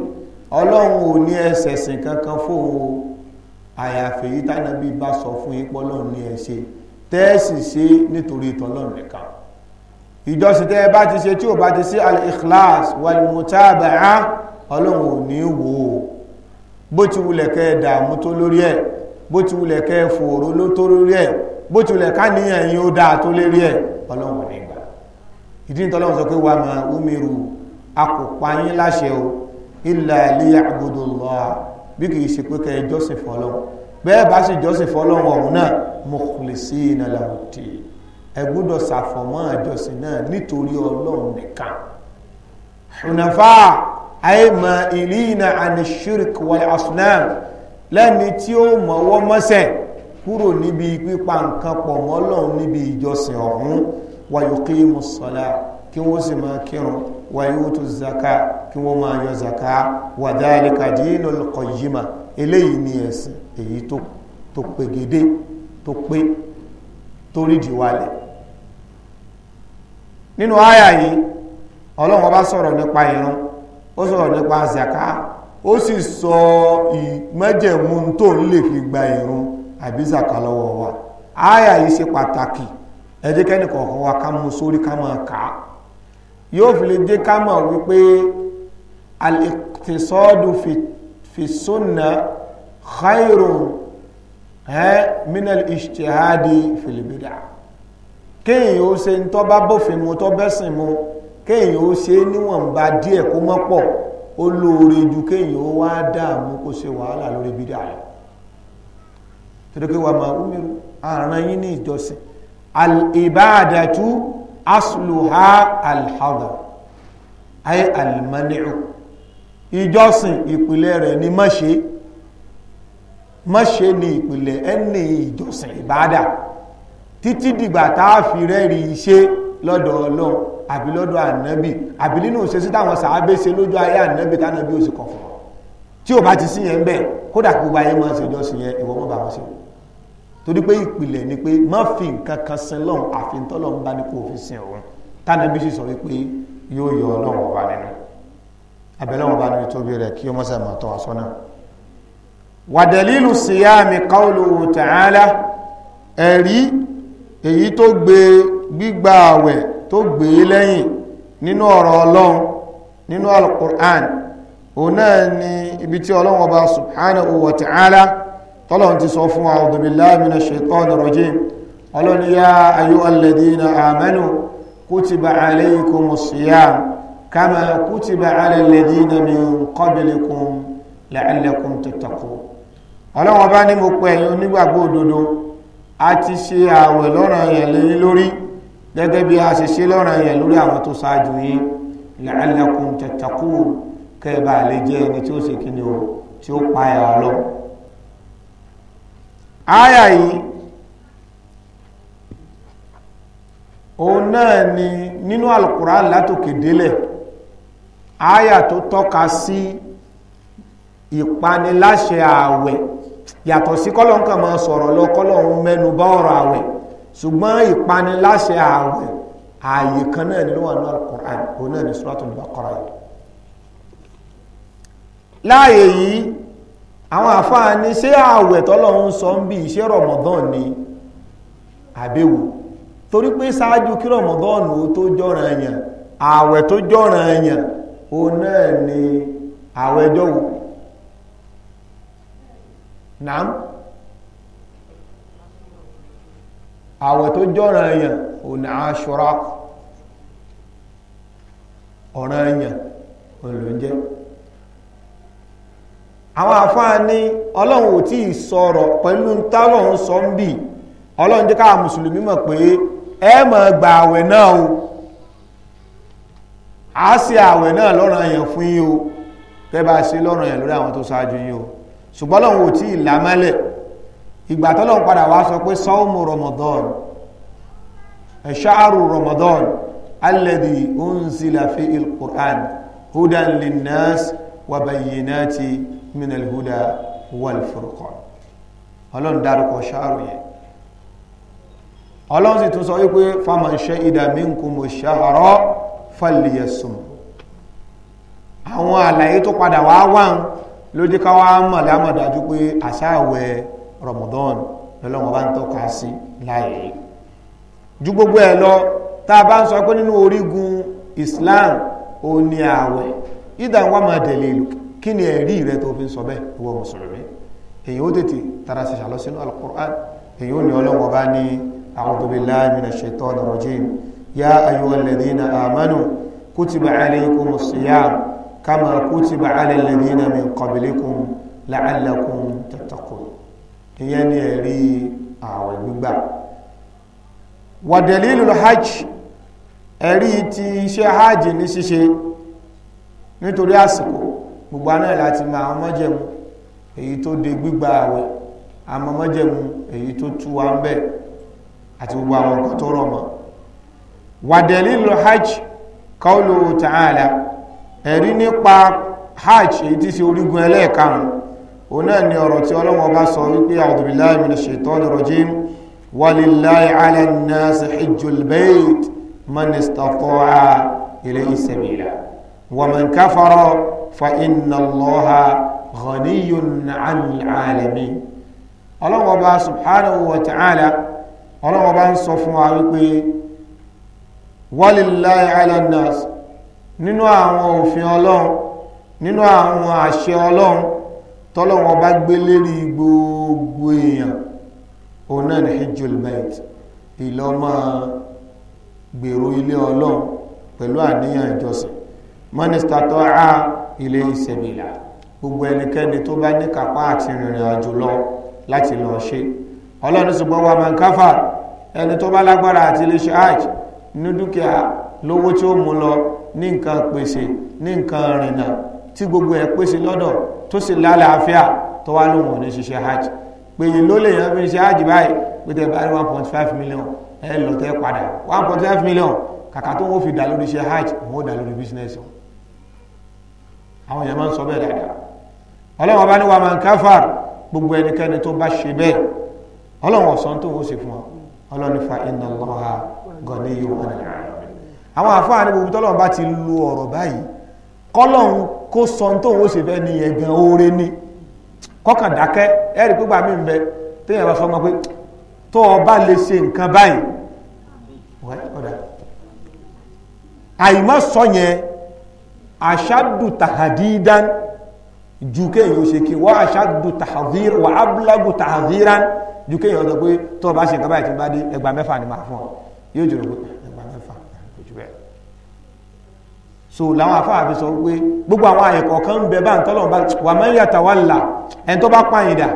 ọlọ́run ò ní ẹsẹ̀ sìn kankan fóun o àyàfi yìí tánàbí bá sọ fún yín pọ́lọ́run ní ẹ tẹ́ẹ̀sì ṣe nítorí ìtọ́lọ́run nìkan ìjọsìn tẹ́ bá ti ṣe tí ò bá ti ṣe al-ikhlas wal ní wò bó ti wulẹ̀ kẹ́ dààmú tó lórí ẹ̀ bó ti wulẹ̀ kẹ́ fòòró ló tó lórí ẹ̀ bó ti wulẹ̀ ká ní ẹ̀yìn ó dáa tó lérí ẹ̀ ọlọ́run ní gbà ìdí nítorí ọlọ́run sọ pé wà máa umiru akópa yín láṣẹ o illa liya'budullah bí kìí ṣe pé kẹ́ jọ́sìn fọlọ́run bẹ́ẹ̀ bá sì jọ́sìn fọlọ́run ọ̀hún náà mukhlisina làwùtì ẹ gbọ́dọ̀ ṣàfọ̀mọ́ àjọsìn náà nítorí ọlọ́run nìkan hunafa ay mailina ani shirk wal asnam lẹ́ni tí ó mọ̀wọ́ mọ́sẹ̀ kúrò níbi pípa nǹkan pọ̀ mọ́ Ọlọ́run níbi ìjọsìn ọ̀hún wa yuqimu salah kí wọ́n sì máa kírun zaka kí wọ́n máa yọ zaka wa dhalika dinul eléyìí ni ẹ̀sìn èyí tó pegedé tó pé tó rídìí nínú àyà yìí ó sọ̀rọ̀ nípa zaka ó sì sọ ìmẹ́jẹ̀mú tó ń lè fi gba ìrun àbí zaka lọ́wọ́ wa àyà yìí ṣe pàtàkì ẹ jẹ́ kẹ́ni kọ̀ọ̀kan wa ká mú sórí ká máa kà á yóò fi lè jẹ́ ká mọ̀ wípé al-iqtisadu fi fi sunna khairun min kéèyàn ó ṣe ń tọ́ bá bófin mu tọ́ bẹ́sìn mu kéèyàn ó ṣe é níwọ̀nba díẹ̀ kó mọ́ pọ̀ ó lóore ju kéèyàn ó wá dààmú kó ṣe wàhálà lórí bídà rẹ̀ torí pé wàá máa wúmírù yín ní ìjọsìn al-ibadatu asluha al-hadar ìjọsìn ìpìlẹ̀ rẹ̀ ni má ṣe ni ìpìlẹ̀ ẹni ìjọsìn ìbádà títí dìgbà tá a fi rẹ́rìí ṣe lọ́dọ̀ àbí lọ́dọ̀ ànábì àbí nínú òṣèṣí táwọn sàábé ṣe lójú ayé ànábì tánábì ó sì kọ̀ fún ọ tí o bá ti sí yẹn bẹ́ẹ̀ kódà gbogbo ayé máa ń ṣèjọ́ sí yẹn ìwọ mọ́ bá wọn ṣe torí pé ìpìlẹ̀ ni pé má fi nǹkan kan sin lọ́hùn àfi tọ́lọ́hùn bá ní kó fi sin òun tánábì sì sọ wípé yóò yọ ọlọ́run ọba nínú abẹ́lẹ́wọ̀n bá níbi tóbi rẹ̀ kí o mọ́sẹ̀ mọ̀ tọ́ àṣọ náà wà dẹ̀lílù síyámi qawluhu ta'ala ẹ̀rí èyí tó gbé gbígbà àwẹ̀ tó gbé e lẹ́yìn nínú ọ̀rọ̀ ọlọ́run nínú alukur'an òun náà ni ibi tí ọlọ́run ọba subhanahu wa ta'ala tọ́lọ̀n ti sọ fún a'udhu billahi minash shaitani rajim ọlọ́run ya ayyuhal ladhina amanu kutiba alaykumus siyam kama kutiba alal ladhina min qablikum gẹ́gẹ́ bí a ṣe ṣe lọ́ràn yẹn lórí àwọn tó ṣáájú yín la'allakum tattaqun kẹ́ẹ̀bà lè jẹ́ ẹni tí ó ṣe kíni o tí ó payà ọlọ́ áyà yìí òun náà ni nínú Al-Qur'an látòkè tó tọ́ka sí ìpaniláṣẹ ààwẹ̀ yàtọ̀ sí lọ mẹ́nu bá ọ̀rọ̀ ṣùgbọ́n ìpaniláṣẹ ààwẹ̀ ààyè kan náà nínú àwọn alukur'an òun náà ní suratul baqara yìí láàyè yìí àwọn àfáà ṣé ààwẹ̀ tọ́lọ́run sọ ń bí iṣẹ́ rọ̀mọ́dán ni àbẹ̀wò torí pé ṣáájú kí rọ̀mọ́dán ó tó jọ́ran èèyàn ààwẹ̀ tó jọ́ran èèyàn òun náà ni ààwẹ̀ jọ́wọ́ nàá àwẹ̀ tó jọ́ra èèyàn òní aṣọ́ra ọ̀ràn èèyàn olóúnjẹ́ àwọn àfáà ní ọlọ́run ò tí ì sọ̀rọ̀ pẹ̀lú tálọ́run sọ ń bì ọlọ́run jẹ́ káà mùsùlùmí mọ̀ pé ẹ máa gba àwẹ̀ náà o a ṣe àwẹ̀ náà lọ́ràn èèyàn fún yín o kẹ́ bá ṣe lọ́ràn èèyàn lórí àwọn tó ṣáájú yín o ṣùgbọ́n ọlọ́run ò tí ì lámálẹ̀ ìgbà tọ́lọ́run padà wá sọ pé sọ́ọ̀mù ramadan ẹ̀ṣáàrù ramadan alladhi unzila fi il-qur'an hudan linnas wa bayyinati min al-huda wal furqan ọlọ́run dárúkọ ṣáàrù yẹn ọlọ́run sì tún sọ wípé faman shahida minkumu shahra falyasum àwọn àlàyé tó padà wá wà lójú ká mọ̀ lámọ̀dájú pé àṣà àwẹ̀ Ramadan lọ́lọ́wọ́n bá ń tọ́ka sí láàyè ju gbogbo ẹ̀ lọ tá a bá ń sọ pé nínú orígun Islam ò ní ààwẹ̀ ìdá wà máa tẹ̀lé ìlú kí ni ẹ̀rí rẹ tó fi ń sọ bẹ́ẹ̀ ìwọ mùsùlùmí èyí ó tètè tara sí ṣàlọ́ sínú Al-Qur'an èyí ó ní ọlọ́wọ́n bá ní a'udhu billahi ìyẹn ni ẹ̀rí ààwẹ̀ gbígbà wàdẹ̀lílù hajj ẹ̀rí ti iṣẹ́ hajj ní ṣíṣe nítorí àsìkò gbogbo náà láti ma àwọn mọ́jẹ̀mú èyí tó de gbígbà ààwẹ̀ àmọ́ mọ́jẹ̀mú èyí tó tú wa ń bẹ̀ àti gbogbo àwọn nǹkan tó rọ̀ mọ́ wàdẹ̀lílù hajj qawlu ta'ala ẹ̀rí nípa hajj èyí tí ṣe orígun ẹlẹ́ẹ̀karùn-ún òun náà ni ọ̀rọ̀ tí Ọlọ́hun bá sọ wípé a'udhu billahi minash shaitani rajim walillahi 'ala an-nasi hijjul bayt man istata'a ilayhi sabila wa man kafara fa inna Allaha ghaniyun 'anil 'alamin Ọlọ́hun bá subhanahu wa ta'ala Ọlọ́hun bá ń sọ fún wa wípé walillahi 'ala an nínú àwọn òfin Ọlọ́hun nínú àwọn àṣẹ Ọlọ́hun tọ́lọ́wọ́n bá gbé lérí gbogbo èèyàn òun náà ní hijjul bait ìlọ máa gbèrò ilé ọlọ́run pẹ̀lú àníyàn ìjọsìn mọ́nísítà tó á ilé ìsẹ̀mìlà gbogbo ẹnikẹ́ni tó bá ní kápá àti rìnrìn àjò lọ láti lọ ṣe ọlọ́run ṣùgbọ́n wa máa ń káfà ẹni tó bá lágbára àti lè ṣe hajj ní dúkìá lówó tí ó mú lọ ní nǹkan pèsè ní nǹkan rìnnà tí gbogbo ẹ̀ pèsè lọ́dọ̀ tó sì lálàáfíà tó wá lóhùn ní ṣiṣẹ́ hajj pèyìn ló lè yan fi ṣe hajj báyìí pé tẹ bá rí one point five million ẹ lọ tẹ padà one point five million kàkà tó ń fi dà lórí ṣe hajj òun ó dà lórí business o àwọn èèyàn máa ń sọ bẹ́ẹ̀ dáadáa ọlọ́run ọba ní wa máa ń káfàr gbogbo ẹnikẹ́ni tó bá ṣe bẹ́ẹ̀ ọlọ́run ọ̀sán tó ń ṣe fún ọ ọlọ́run fa inna Allaha ghaniyun 'anil 'alamin àwọn àfáà kó sọ tó ń ṣe fẹ́ ní ẹ̀gàn oore ni kọ́kàn dákẹ́ ẹ̀rí pípa mi ń bẹ téèyàn bá fọmọ pé tó o bá lè ṣe nǹkan báyìí àìmọ́ sọ yẹn aṣáàdù tàhàdídán ju kéèyàn ó ṣe kí wọ́n aṣáàdù tàhàdír wà ábúlágù tàhàdírán ju kéèyàn ó sọ pé tó o ṣe nǹkan báyìí tí bá dé ẹgbàá mẹ́fà ni màá fún ọ yóò jùlọ pé so làwọn afáà fi sọ pé gbogbo àwọn àyẹ̀kọ̀ kan ń bẹ bá ń tọ́lọ̀ bá wà máa ń yàtà wà là ẹni tó bá pààyàn dà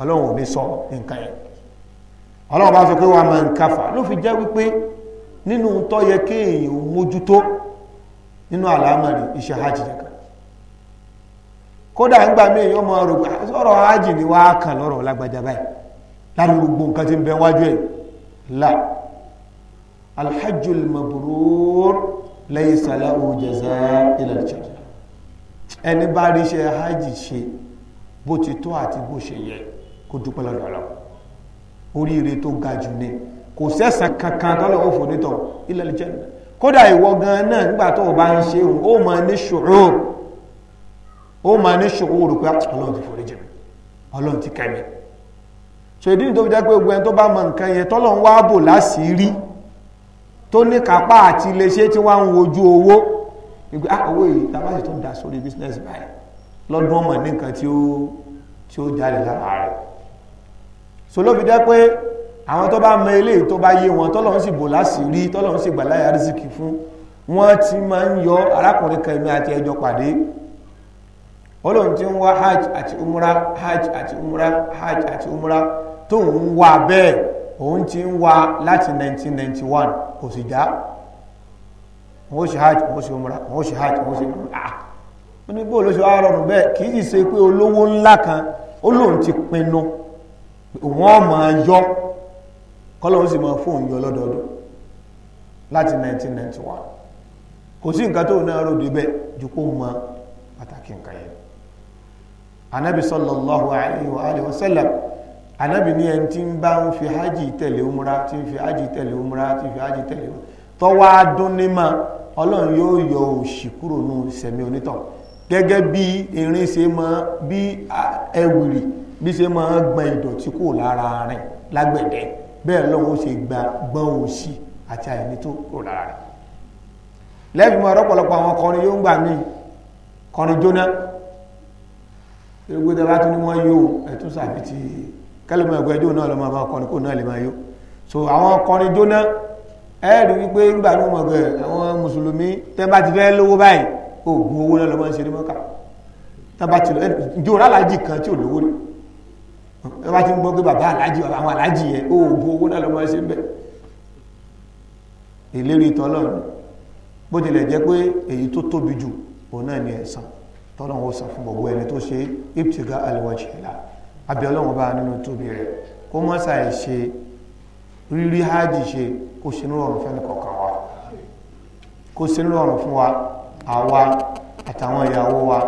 ọlọ́run ò ní sọ nǹkan yẹn ọlọ́run bá sọ pé wà máa ń káfà ló fi jẹ́ wípé nínú tó yẹ kéèyàn mójútó nínú àlámọ̀rí iṣẹ́ hajj nìkan kódà ń mí èèyàn máa rò pé ah, hajj ni wàá kàn lọ́rọ̀ lágbàjá báyìí láti gbogbo nǹkan tí ń bẹ wájú ẹ̀ la alhajjul mabrur laysa lahu jazaa illa ẹni bá rí iṣẹ́ hajj ṣe bó ti tó àti bó ṣe yẹ kó dúpẹ́ lọ́dọ̀ oríire tó ga jù ní kò kankan tó lọ́wọ́ fò nítọ̀ illa kódà ìwọ gan náà nígbà tó o bá ń ṣe ó ma ní ó ní pé ah, ọlọ́run ti forí jẹ ọlọ́run ti kẹ́ mi ṣèdí jẹ́ tó ní kápá àti iléeṣẹ́ tí wọ́n ń wojú owó ìgbé ah, owó yìí tábàṣì tó dá sórí business báyìí lọ́dún ọmọ ní nǹkan tí ó tí ó jáde lára rẹ̀ so ló fi jẹ́ pé àwọn tó bá mọ eléyìí tó bá yé wọn tọ́lọ́run sì bò láṣìírí tọ́lọ́run sì gbà láyà rìsíkì fún wọ́n ti máa ń yọ arákùnrin kan mi àti ẹjọ́ pàdé olóhun tí ń wá hajj àti umra hajj àti umra hajj àti umra tóun ń wá bẹ́ẹ̀ òun ti ń wa láti 1991 kò sì dá wọ́n ṣe hajj wọ́n ṣe umra wọ́n ṣe hajj wọ́n ṣe ah wọ́n ní bóòlù ṣe wá bẹ́ẹ̀ kì sì ṣe pé olówó ńlá ti pinnu wọ́n ma yọ kọ́lọ́hún sì máa fóun yọ lọ́dọọdún láti 1991 kò sí nǹkan tó náà ròde bẹ́ẹ̀ ju kó mọ pàtàkì nǹkan yẹn anabi sallallahu alayhi wa anábì ní ẹni tí ń bá ń fi hajj tẹ̀lé umra tí ń fi hajj tẹ̀lé umra tí ń fi hajj tẹ̀lé umra tọ́wọ́ adún ma ọlọ́run yóò yọ òṣì kúrò nù sẹ̀mí onítọ̀ gẹ́gẹ́ bí irin ṣe mọ bí ẹwìrì bí ṣe mọ gbọn ìdọ̀tí kò lára rẹ̀ lágbẹ̀dẹ bẹ́ẹ̀ lọ́wọ́ ṣe gba gbọ́n òṣì àti àìní tó kò lára rẹ̀ lẹ́bí ọ̀rọ̀pọ̀lọpọ̀ àwọn kọrin yóò ń gbà mí kọrin jóná gbogbo ìdábàtún ni wọ́n yóò ẹ̀tún sàbí ti kẹlẹ̀mọ̀ ẹgbẹ́ jó náà lọ máa bá ọkọrin náà lè máa yó so àwọn ọkọrin jóná ẹ̀rù wípé nígbà ní ọmọ ẹgbẹ́ àwọn mùsùlùmí tẹ́ bá ti fẹ́ lówó báyìí oògùn owó náà lọ máa ń ṣe ní mọ́kà tábà ti lọ jó aláàjì kan tí ò lówó ni ẹ bá ti ń gbọ́ pé bàbá aláàjì àwọn aláàjì yẹn oògùn owó náà lọ máa ṣe ń bẹ̀ ìlérí tọ́lọ́run bó tilẹ̀ jẹ́ pé èyí tó tóbi jù òun náà ni ẹ̀san tọ́lọ́run ó san fún gbogbo ẹni tó ṣe ibtiga alwajhila abẹ́ ọlọ́run bá nínú tóbi rẹ̀ kó mọ́ sàì ṣe rírí hajj ṣe kó ṣe nírọ̀rùn fẹ́ni kọ̀ọ̀kan wa kó ṣe nírọ̀rùn fún wa àwa àtàwọn ìyàwó wa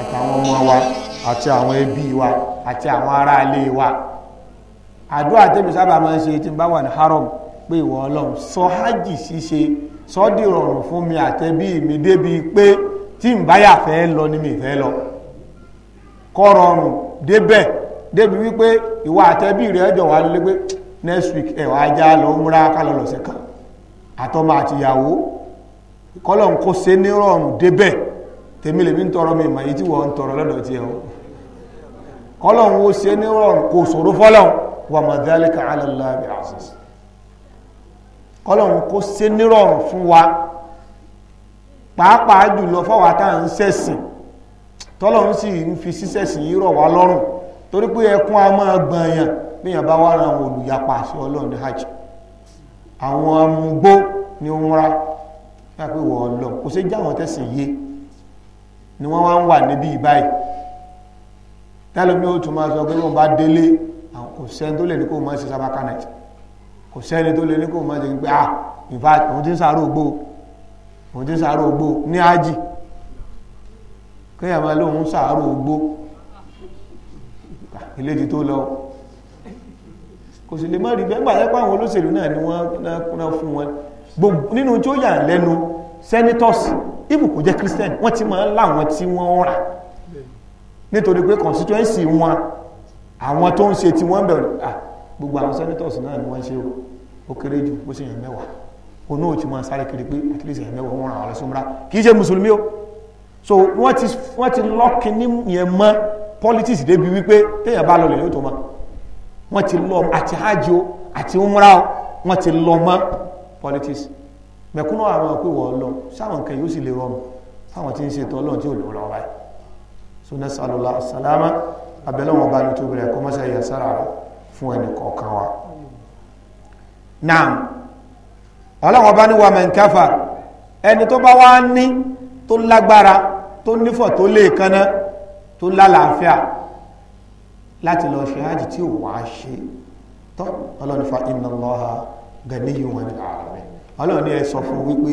àtàwọn ọmọ wa àti àwọn ẹbí wa àti àwọn ará ilé wa àdúrà tẹ́mi sábà máa ń ṣe tí n bá wà ní haram pé ìwọ ọlọ́run sọ hajj ṣíṣe sọ́dí rọrùn fún mi àtẹ́bí mi débi pé tí n báyà fẹ́ lọ ni mi fẹ́ lọ kọ́ rọrùn débẹ̀ débi wípé ìwà àtẹ́bí rẹ̀ jọ wà lólé pé next week ẹ̀wà ajá lọ múra kálọ̀ kan àtọmọ àtìyàwó kọ́lọ̀ ń kó se ní rọrùn débẹ̀ tèmi lèmi ń tọrọ o kọ́lọ̀ wo se ní rọrùn kò ṣòro fọ́lọ̀ wà madhalika ala Allahi kọ́lọ̀ ń kó se ní rọrùn fún wa torí pé ẹkún a máa gbọ̀nyàn bíyàn bá wá ra àwọn olùyapa àṣẹ ọlọ́run ní hajj àwọn amúgbó ni ó ń ra yá pé wọ́n lọ kò sí jáwọn tẹ̀sìn yé ni wọ́n wá ń wà níbí báyìí tẹ́lómi ó tún máa sọ pé wọ́n bá délé kò sẹ́ni tó lè ní kó máa ṣe sábà kánẹ̀tì kò sẹ́ni tó lè ní kó máa ṣe pé ah in fact òun ti ń sàárò ògbó òun ti ń sàárò ògbó ní ájì kéèyàn máa lóun ń sàárò ògbó ilé ti tó lọ kò sì lè mọ́ rí bẹ́ẹ̀ pàtàkì àwọn olóṣèlú náà ni wọ́n náà fún wọn nínú tí ó yà lẹ́nu senators ibù kò jẹ́ christian wọ́n ti máa ń láwọn tí wọ́n rà nítorí pé constituency wọn àwọn tó ń ṣe tí wọ́n bẹ̀rẹ̀ gbogbo àwọn senators náà ni wọ́n ṣe ó kéré jù bó ṣe yàn mẹ́wàá o náà ti máa sáré kiri pé at least yàn mẹ́wàá wọ́n ràn àwọn lọ́sọ́mọ́ra kì í ṣe mùsùlùmí o so wọ́n ti lọ́kì ní yẹn mọ́ politics débi wípé téèyàn bá lọlẹ̀ yóò tó ma wọ́n ti lọ àti hajj o àti umra o wọ́n ti lọ mọ́ politics mẹ̀kúnnà àwọn ọ̀pẹ̀ wọ́n lọ sáwọn nǹkan yóò sì lè rọrùn fáwọn tí ń ṣe tọ́ lọ́n tí ò lè lọ wáyé sunna sallallahu alaihi wasallam abẹ́lẹ́wọ̀n bá ní bẹ̀rẹ̀ kọ́ mọ́sá yẹ sára fún ẹnì kọ̀ọ̀kan wa naam ọlọ́wọ́n bá ní wa man kafar ẹni tó bá wá ní tó lágbára tó nífọ̀ tó lè kaná tó lálàáfíà láti lọ ṣe hajj tí ò wá ṣe tọ́ ọlọ́run fa inna Allaha ganiyyun 'anil 'alamin ọlọ́run ní ẹ sọ fún wípé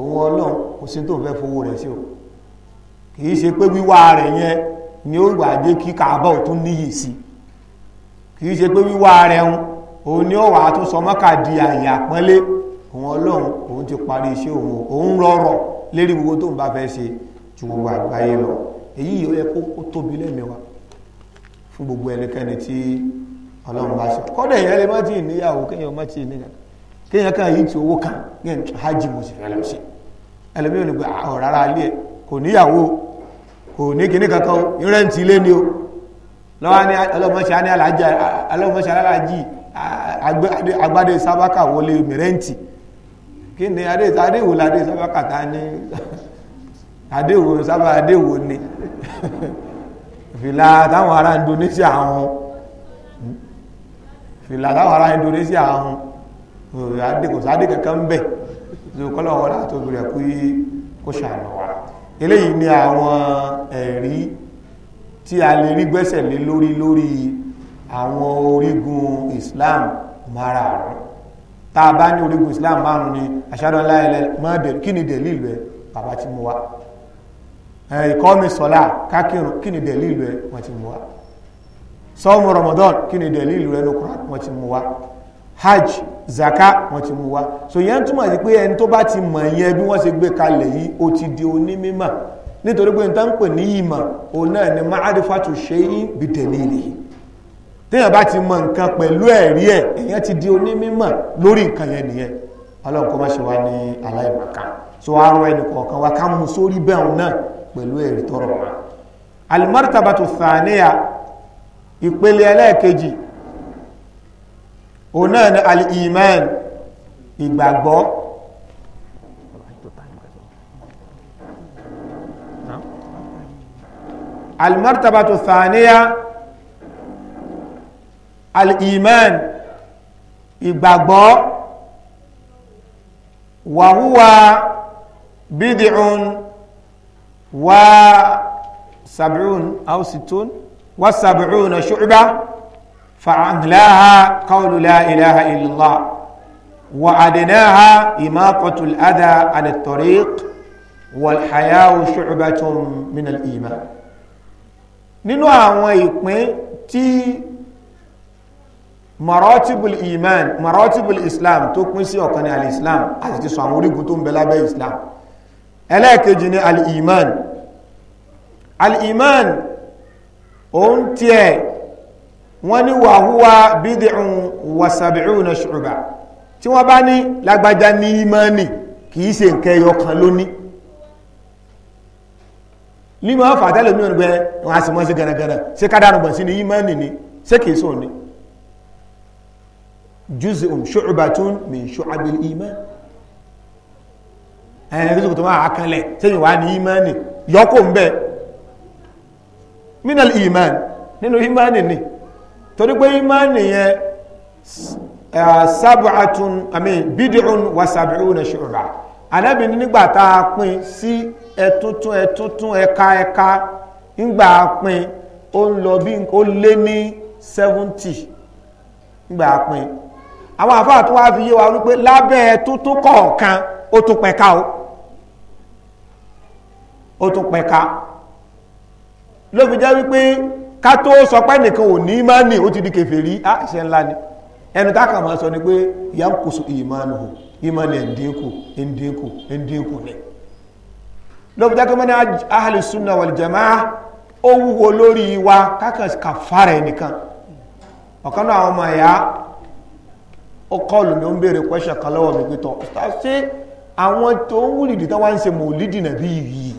òun ọlọ́run kò sí tó fẹ́ fowó rẹ̀ sí o kì í ṣe pé wíwá rẹ̀ yẹn ni ó gbà dé kí kàábà ò tún níyì sí kì í ṣe pé wíwá rẹ̀ ń òun ni ó wà á tún sọ mọ́kà di àyè àpọ́nlé òun ọlọ́run òun ti parí iṣẹ́ òun òun rọrọ̀ lérí gbogbo tó ń bá fẹ́ ṣe ju gbogbo àgbáyé lọ èyí yóò yẹ kó tóbi lẹ́mẹ̀wá fún gbogbo ẹnikẹ́ni tí ọlọ́run bá ṣe kọ́dẹ̀ yẹn lè má ti níyàwó kéèyàn má ti níyà kéèyàn kan yìí ti owó kan yẹn hajj mo sì fẹ́ lọ sí ẹlòmíràn ni pé àwọn ah, rárá alẹ́ kò níyàwó kò ní kíní kankan ìrẹ́ǹtì ilé ni o lọ́wọ́ ní ọlọ́mọṣẹ́ ní alájà ọlọ́mọṣẹ́ alájì agbádé sábàkà wọlé mìrẹ́ǹtì kí ni adéwò ládé sábàkà ta ní adéwò sábà adéwò ni. fìlà táwọn ará Indonesia hàn fìlà táwọn ará Indonesia hàn kò sáde kankan bẹ̀ tó kọ́lọ̀ wọn láti obìnrin ẹ̀kú kó ṣàánú wa eléyìí ni àwọn ẹ̀rí tí a lè rí gbẹ́sẹ̀ lé lórí lórí àwọn orígun Islam márààrún tá a bá ní orígun Islam márùn ni ashadu an la ilaha illallah kí ni dẹ̀lí ìlú ẹ̀ bàbá tí mo wá ìkọ́mi sọ̀lá kákírùn kí ni dẹ̀lí ìlú ẹ wọ́n ti mú wa sọ́ọ̀mù Ramadan kí ni dẹ̀lí ìlú ẹ ní wọ́n ti mú wa hajj zaka wọ́n ti mú wa so yẹn túmọ̀ sí pé ẹni tó bá ti mọ̀ yẹn bí wọ́n ṣe gbé kalẹ̀ yìí ó ti di onímímọ̀ nítorí pé nǹkan pè ní ìmọ̀ òun náà ni ma'arifatu shay'in bi dalilihi téèyàn bá ti mọ̀ nǹkan pẹ̀lú ẹ̀rí ẹ̀ èèyàn ti di onímímọ̀ lórí nǹkan yẹn nìyẹn Ọlọ́run kó má ṣe wá ní aláìmọ̀kan so àárọ̀ ẹnì kọ̀ọ̀kan wa ká mú sórí bẹ́ẹ̀ náà pẹ̀lú èrè tọrọ almartabatu thaniya ìpele ẹlẹ́ẹ̀kejì òun náà ni al-iman ìgbàgbọ́ almartabatu thaniya al ìgbàgbọ́ wa huwa وسبعون أو ستون sittun شعبة sab'una قول لا إله إلا ilaha illallah wa adnaha imatatu al-adha 'ala at-tariq wal haya'u shu'batun min al-iman nínú àwọn ìpín tí maratibul iman maratibul islam tó pín sí ọ̀kan ní al-islam àti ti sọ àwọn orígun tó ń bẹ lábẹ́ islam ẹlẹ́ẹ̀kejì ni al-iman al-iman òun tiẹ̀ wọ́n ní wàhúwa bídìún wasabi'una ṣùgbà tí wọ́n bá ní lágbájá ní imani kìí ṣe nǹkan ẹyọ kan lóní ní ma fà tẹ́lẹ̀ mí ọ̀nùgbẹ́ wọn a sì mọ́ sí gẹ̀rẹ́gẹ̀rẹ́ sí kádàrù bọ̀ sí ni imani ni sí kìí sóò ní juz'un shu'batun min shu'abil iman ẹ̀yìn tó tó máa kanlẹ̀ sẹ́yìn wá ní imani yọ́kò ń minal imani ninu imani ni tori pe imani yẹn sábàtún àmì bídìún wà sàbìrún na ṣùgbà anábì nígbà tá a pín sí ẹtúntún ẹtúntún ẹka ẹka ńgbà a pín ó ń lọ bí ó lé ní 70 ńgbà pin pín àwọn àfáà tó fi yé wa wípé lábẹ́ tuntun kọ̀ọ̀kan ó tún pẹ̀ka o ó tún pẹ̀ka ló fi jẹ́ wípé ká tó sọ pé nìkan ò ní má nì ó ti di kèfèrí á iṣẹ́ ńlá ni ẹnu táàkà máa sọ ni pé ìyá ń ìmánu hù ìmánu ni ló fi jẹ́ pé mọ́ni ahli sunna wal jamaa ó wúwo lórí wa kákan kàfàrà ẹnìkan ọ̀kan náà àwọn ọmọ ẹ̀yà ó kọlù ó ń béèrè kan lọ́wọ́ mi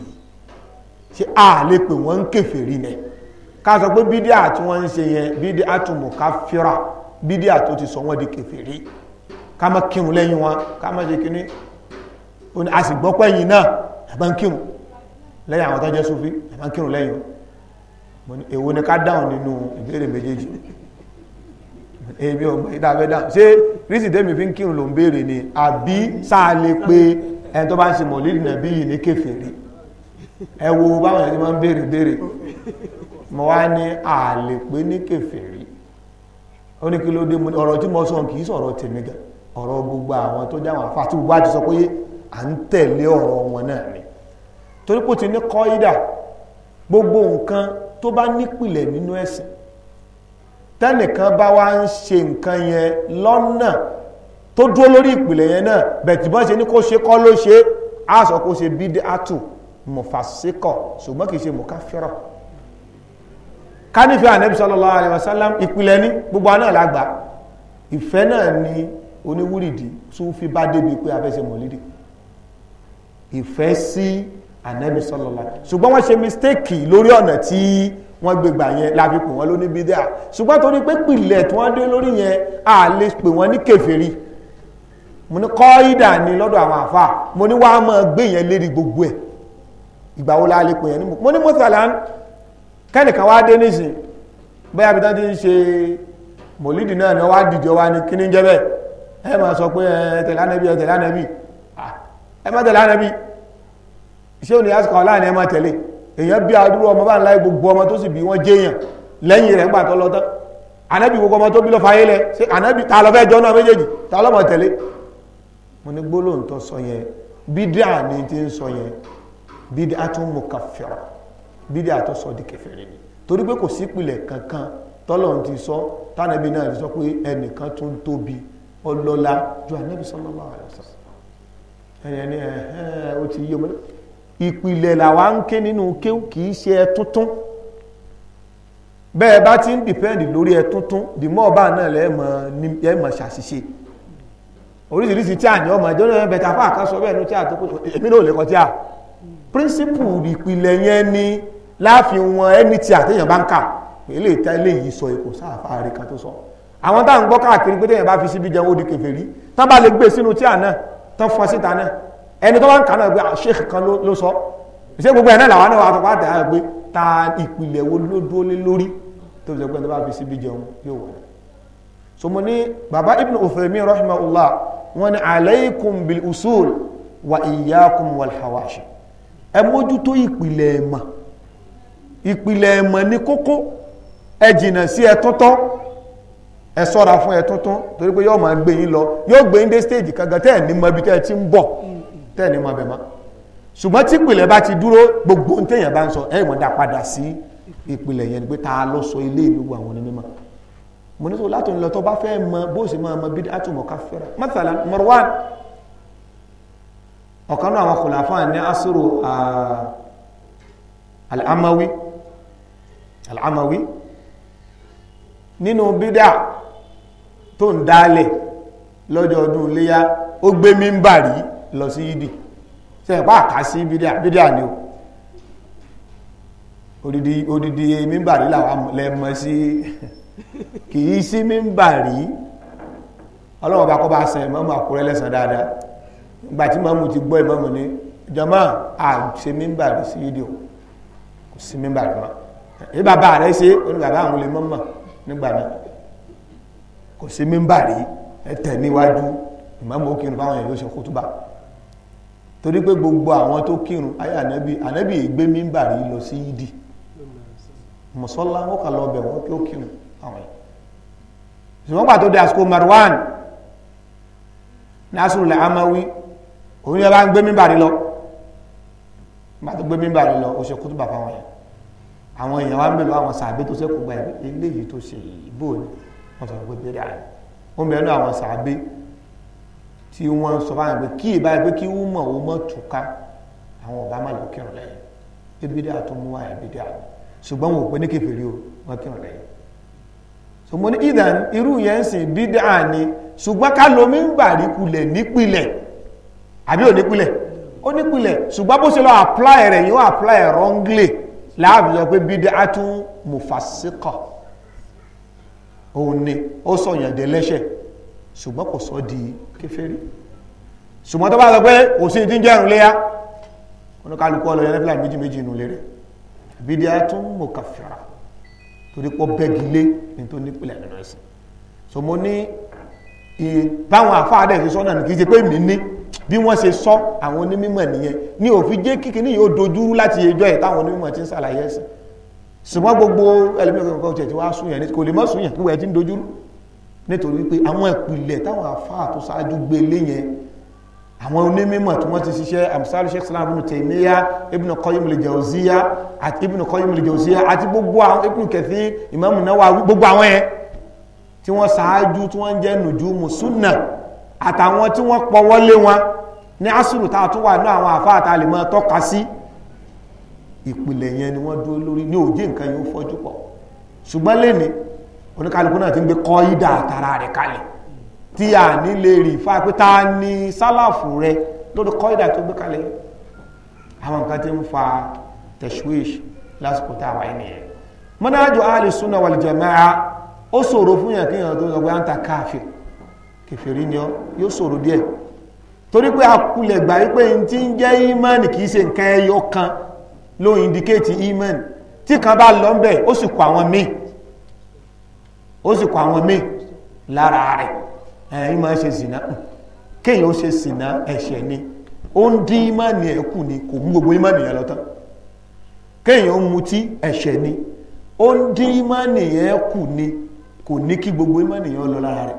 ṣe a lè pè wọ́n ń kèfèrí nẹ ká sọ pé bídíà tí wọ́n ń ṣe yẹn bídíà tó mọ̀ ká fíra bídíà tó ti sọ wọ́n di kèfèrí ká má kírun lẹ́yìn wọn ká má ṣe kíní a sì gbọ́ pẹ́yìn náà ẹ̀bá ń kírun lẹ́yìn àwọn tó jẹ́ Sufi ẹ̀bá ń kírun lẹ́yìn èwo ni ká dáhùn nínú ìbéèrè méjèèjì èmi ọmọ ìdáfẹ́ dáhùn ṣé rísì tẹ́mi fi ń kírun ló ń béèrè ni àbí sáà lè pé ẹni tó bá ń ṣe mọ̀lídìí nàbí yìí ní kèfèrí ẹ wo báwọn ẹni máa ń béèrè béèrè mo wá ní àlè pé ní kèfèrí ó ní kí ló dé ọ̀rọ̀ tí mo sọ kì í sọ̀rọ̀ tèmi gan ọ̀rọ̀ gbogbo àwọn tó jáwọn àfa àti gbogbo àti sọ pé à ń tẹ̀lé ọ̀rọ̀ wọn náà ni torí kò ti ní kọ́ídà gbogbo nǹkan tó bá nípìlẹ̀ nínú ẹ̀sìn tẹ́nìkan bá wá ń ṣe nǹkan yẹn lọ́nà tó dúró lórí ìpìlẹ̀ yẹn náà bẹ̀tì bọ́n ṣe ní kó ṣe kọ́ ló ṣe á sọ kó ṣe bídí àtù mufasikọ̀ ṣùgbọ́n kìí ṣe mukafirọ̀ kánífẹ́ ànábì sallallahu alaihi wasallam ìpìlẹ̀ ní gbogbo náà lágbà ìfẹ́ náà ni oníwúrìdì tún fi bá débi pé afẹ́ṣẹ́ mọ̀lídì ìfẹ́ sí ànábì sallallahu ṣùgbọ́n wọ́n ṣe mistake lórí ọ̀nà tí wọ́n gbé gbà yẹn láfi pè wọ́n lóní bídíà ṣùgbọ́n torí pé pìlẹ̀ tí wọ́n dé lórí yẹn a lè pè wọ́n ní kèfèrí mo ní kọ́ ìdà ni lọ́dọ̀ àwọn àfà mo ní wàá máa gbé yẹn lérí gbogbo ẹ̀ ìgbà wo láàlẹ́ pè yẹn ní mo ní mọ́sàlán kẹ́nìkan wá dé nísìn bẹ́ẹ̀ abidá ti ń ṣe mòlídìí náà ni wá dìjọ wá ní kíní jẹ́ bẹ́ẹ̀ ẹ máa sọ pé ẹ tẹ̀lé ànábì ẹ tẹ̀lé ànábì ẹ má tẹ̀lé ànábì ṣé òní àsìkò aláàní ẹ máa tẹ̀lé èèyàn bí adúrú ọmọ bá ń láì gbogbo ọmọ tó sì bí wọ́n jéèyàn lẹ́yìn rẹ̀ ń mo ní gbólóǹtọ́ sọ yẹn bídíà ni ti ń bídíàtún mukaffira bídíàtún sọ di kèfèrí ni torí pé kò sí ìpìlẹ̀ kankan tọ́lọ́run ti sọ tánàbí náà ti sọ pé ẹnìkan tún tóbi ọlọ́lá ju ànábì sallallahu alaihi wasallam ẹ̀yẹn ni ẹ̀hẹ́n ó ti yé wọn ìpìlẹ̀ làwa ń ké nínú kéwù kì í ṣe ẹtúntún bẹ́ẹ̀ bá ti ń dìpẹ́ndì lórí ẹtúntún dìmọ́ ọba náà lẹ́ẹ̀mọ̀ ṣàṣìṣe oríṣiríṣi tí a ní ọmọ ìjọ́nà ẹ̀bẹ̀ta fáà kan sọ bẹ́ẹ̀ ní tí a tó kó èmi náà ò lè kọ príncipù ìpìlẹ̀ yẹn ni láàfin wọn ẹni tí àtẹ̀yàn bá ń kà ilé ìta ilé yìí sọ èkó sáàfà rẹ̀ kan tó sọ àwọn táà ń gbọ́ káàkiri pé tẹ̀yàn bá fi síbi jẹun ó di kèfèrí tán bá lè gbé sínú tí àná tán fọ síta náà ẹni tó bá ń kà náà gbé ah, sheikh kan ló sọ ìṣe gbogbo ẹ̀ náà làwọn náà wà tó pàtẹ́ àwọn pé ta ìpìlẹ̀ wo ló dúró lé lórí tó fi sọ tó bá fi síbi jẹun yóò wọlé so mo ní baba ibn Uthaymin rahimahullah wọn ni alaykum bil usul wa iyyakum wal hawashi ẹ mójútó ìpìlẹ̀ ẹ̀mọ̀ ìpìlẹ̀ ẹ̀mọ̀ ní kókó ẹ jìnà sí ẹtọ́tọ́ ẹ sọ́ra fún ẹtọ́tọ́ torí pé yóò máa gbé yín lọ yóò gbé yín dé stage kankan ní mọ ibi ti ń bọ̀ tẹ́ẹ̀ ní mọ abẹ mọ́ ṣùgbọ́n tí ìpìlẹ̀ bá ti dúró gbogbo téèyàn bá ń sọ ẹ ìwọ̀n dá padà sí ìpìlẹ̀ yẹn pé ta ló sọ ilé ìlú àwọn mo ní sọ látọ̀ nílọ tó bá fẹ́ mọ bó ọ̀kan náà àwọn kòláfà ní asúrò al'amawi al'amawi nínú bídá tó ń dálẹ̀ lọ́jọ́ ọdún iléyá ó gbé mímbàrí lọ sí ìdí sẹ́yìn pàá kà sí bídá bídá ni ó odidi mímbàrí lẹ́mọ sí kìí sí mímbàrí ọlọ́wọ́ bá kọ́ bá sẹ́yìn mọ́mọ́ àkúrẹ́ dáadáa ìgbà tí mọ́mù ti gbọ́ ìmọ́mù ní ìjọmọ́ àṣẹ mímbà rẹ̀ sí rédíò kò sí mímbà rẹ̀ mọ́ èyí bàbá rẹ̀ ṣe oní bàbá àwọn olè mọ́mọ̀ nígbà náà kò sí mímbà rẹ̀ ẹ̀tẹ̀ níwájú ìmọ́mù ó kírun fáwọn èèyàn ó ṣe kútúbà torí pé gbogbo àwọn tó kírun ayé ànábì ànábì ìgbé mímbà rẹ̀ lọ sí yídì mọ̀sọ́lá wọ́n kà lọ bẹ̀ wọ́n kí ó kírun àwọn yìí ṣùgbọ́n pàtó dé àsìkò Marwan Nasrul Amawi òun yẹn bá ń gbé mímbàrí lọ nígbà tó gbé mímbàrí lọ ó ṣe kútù bàbá wọn yẹn àwọn èèyàn wa ń bèèrè àwọn sàbí tó sẹ́kù gba eléyìí tó ṣe ìbò ni wọ́n sọ pé bẹ́ẹ̀ ààrẹ ó ń bẹ̀rẹ̀ àwọn sàbí tí wọ́n sọ fáwọn pé kí ìbá pé kí wọ́n mọ̀ ó mọ̀ túká àwọn ọ̀gá má lọ kírun lẹ́yìn ebi dí àtún mú àyà bí dí àná ṣùgbọ́n wọn ò pé ní kẹfìrí o wọ́n kírun lẹ́yìn so mo ní ìdàn irú yẹn ń sìn bí dí àní ṣùgbọ́n ká lomi ń bàrí kulẹ̀ nípìnlẹ̀ àbí onípìlẹ̀ onípìlẹ̀ ṣùgbọ́n bó ṣe lọ apply rẹ̀ yóò apply wrongly láàbí sọ pé bídẹ́ átú mufasíkọ̀ òun ni ó sọ̀yàn dé lẹ́ṣẹ̀ ṣùgbọ́n kò sọ di kèfèrí ṣùgbọ́n tó bá sọ pé kò sí ti ń jẹ́rùn léyà oníkálukú ọlọ́yẹ lẹ́fìlà méjì méjì inú lérè bídẹ́ átú mukafira torí pọ́ bẹ́gilé ní tó nípìlẹ̀ nínú ẹ̀sìn so mo ní ìbáwọn àfáàdẹ̀ ìṣọ́nà kìí ṣe pé mi ní bí wọ́n ṣe sọ àwọn onímọ̀ nìyẹn ní òfin jẹ́ kíkiní yóò dojúrú láti ẹjọ́ ẹ̀ táwọn onímọ̀ ti ń ṣàlàyé ẹ̀sìn ṣùgbọ́n gbogbo ẹlẹ́mìíràn ọ̀tẹ̀ tí wá súnyàn kò lè mọ́ súnyàn kí wọ́n ti ń dojúrú nítorí pé àwọn ìpìlẹ̀ táwọn àfáà tó ṣáájú gbé lé yẹn àwọn onímọ̀ tí wọ́n ti ṣiṣẹ́ amsalu sheikh salam ibn taymiya ibn qayyim al-jawziya àti ibn qayyim al-jawziya àtàwọn tí wọ́n pọwọ́ lé wọn ní asùrù tá a tún wà ní àwọn àfáà tá a lè máa tọ́ka sí ìpìlẹ̀ yẹn ni wọ́n dúró lórí ní òjì nǹkan yóò fọ́jú pọ̀ ṣùgbọ́n lẹ́ni oníkàlùkù náà ti ń gbé kọ́ ìdá àtàrà rẹ̀ kalẹ̀ tí a ní lè rí fáà pé ta ni sálàfù rẹ lórí kọ́ ìdá tó gbé kalẹ̀ àwọn nǹkan tí ń fa tashwish lásìkò tá a wà ní ẹ̀ mọ́nájú ahli sunna wal jamaa ó ṣòro fún yàn kí yàn tó sọ pé à ń ta káàfin kèfèrí ni ọ yóò sọ̀rọ̀ díẹ̀ torí pé akulẹ̀ gbà wípé n ti ń jẹ́ imani kìí ṣe nǹkan ẹyọ kan ló indicate imani tí kan bá lọ bẹ̀ ó sì kọ àwọn míì ó sì kọ àwọn míì lára rẹ̀ ẹ̀yìn ma ṣe zìnà kéèyàn ó ṣe ẹ̀ṣẹ̀ ni ó imani ẹ̀ ni kò mú gbogbo imani yẹn kéèyàn ó ni ó imani kù ni kò ní gbogbo imani yẹn lọ lára rẹ̀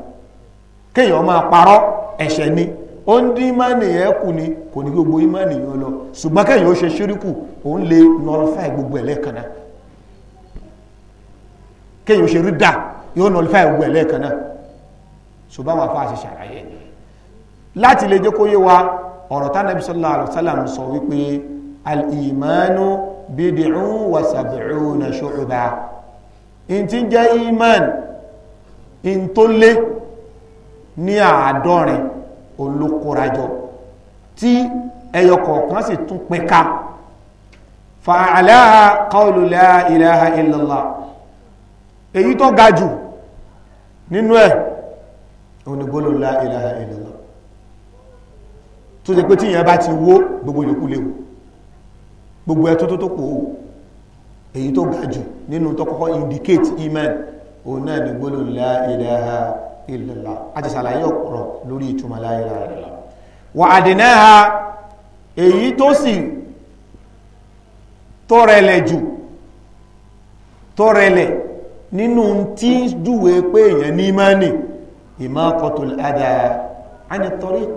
kéèyàn máa parọ́ ẹ̀ṣẹ̀ ni ó ń dín ìmánì yẹn ni kò ní gbogbo ìmánì yẹn lọ ṣùgbọ́n kéèyàn ó ṣe ṣíríkù òun lè nọlifáì gbogbo ẹ̀ lẹ́ẹ̀kan náà kéèyàn ó ṣe rí dà yóò nọlifáì gbogbo ẹ̀ lẹ́ẹ̀kan náà ṣùgbọ́n àwọn ṣàlàyé láti lè jẹ́ kó yé wa ọ̀rọ̀ tá nàbí sọ́lá in ti jẹ́ iman in tó lé ní àádọ́rin olókorajọ tí ẹyọ kọ̀ọ̀kan sì tún pẹ̀ka fa'alaha qawlu la ilaha illallah èyí tó ga jù nínú ẹ̀ onígbólò la ilaha illallah tó jẹ́ pé tí ìyẹn bá ti wó gbogbo yòókù léwu gbogbo ẹ̀tọ́ tó tó pò ó èyí tó ga jù nínú tó kọ́kọ́ indicate iman òun náà ní gbólò la ilaha illallah àti sàlàyé ọ̀pọ̀rọ̀ lórí ìtumọ̀ la ilaha illallah wà àdínáà èyí tó sì tọ́rẹlẹ̀ jù tọ́rẹlẹ̀ nínú tí júwe pé èèyàn ní mánì imaqatul adha ani tariq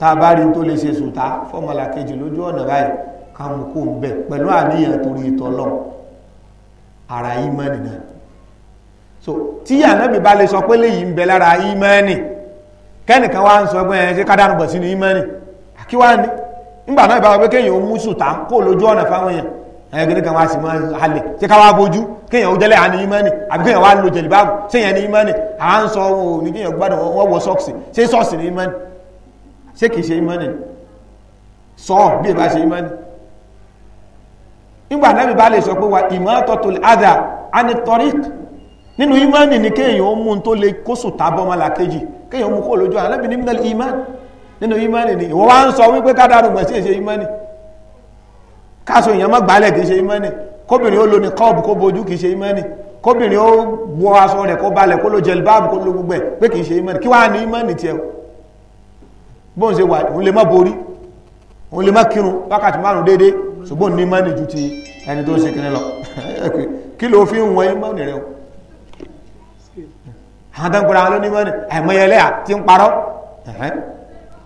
tàbárí tó lè ṣe sùtá fọ́mọ̀lá kejì lójú ọ̀nà báyìí kàmùkú ń bẹ̀ pẹ̀lú àníyàn torí ìtọ́lọ́ ara ìmánì náà so tí ànábì bá lè sọ pé léyìí ń bẹ lára ìmánì kẹ́nìkan wá ń sọ pé ẹ̀ ṣe kádàánù bọ̀ sínú ìmánì kí wá ní nígbà náà ìbára pé kéèyàn ó mú sùtà kó lójú ọ̀nà fáwọn èèyàn ẹ̀yẹ́ kìíní kan wá sí máa halẹ̀ ṣé ká wá bójú kéèyàn ó jẹ́lẹ̀ àní ìmánì àbí kéèyàn wá lo jẹ̀lìbáàbù ṣé yẹn ní ìmánì à ń sọ ohun òní kéèyàn gbádùn wọ́n wọ sọ́ọ̀sì ṣé sọ́ọ̀sì ní ìmánì ṣé kìí ṣe ìmánì sọ́ọ̀ bí ìbá ṣe ìmánì nígbà náà ìbá lè sọ pé wa ìmọ̀ tọ́tò adà anitorit nínú imani ni kéèyàn ó mú tó lè kóṣù tábọ́ mọ́lá kejì kéèyàn ó mú kó lójú ànábì ní minal iman nínú imani ni ìwọ́n wá ń sọ wípé kádàrú gbọ̀n sí èṣe imani káṣọ èèyàn má gbálẹ̀ kìí ṣe imani kóbìnrin ó lo ní kọ́ọ̀bù kó bojú kìí ṣe imani kóbìnrin ó wọ aṣọ rẹ̀ kó balẹ̀ kó lo jẹlbáàbù kó lo gbogbo ẹ̀ pé kìí ṣe imani kí wàá ní imani tiẹ̀ bóun ṣe wà òun lè má borí òun lè má kírun wákàtí márùn dédé ṣùgbọ́n ní imani ju ti ẹni tó ń ṣe kiri lọ kí ló fi ń wọ imani rẹ o àwọn tó ń pera wọn lóní mọ́ni àìmọye ẹlẹ́yà ti ń parọ́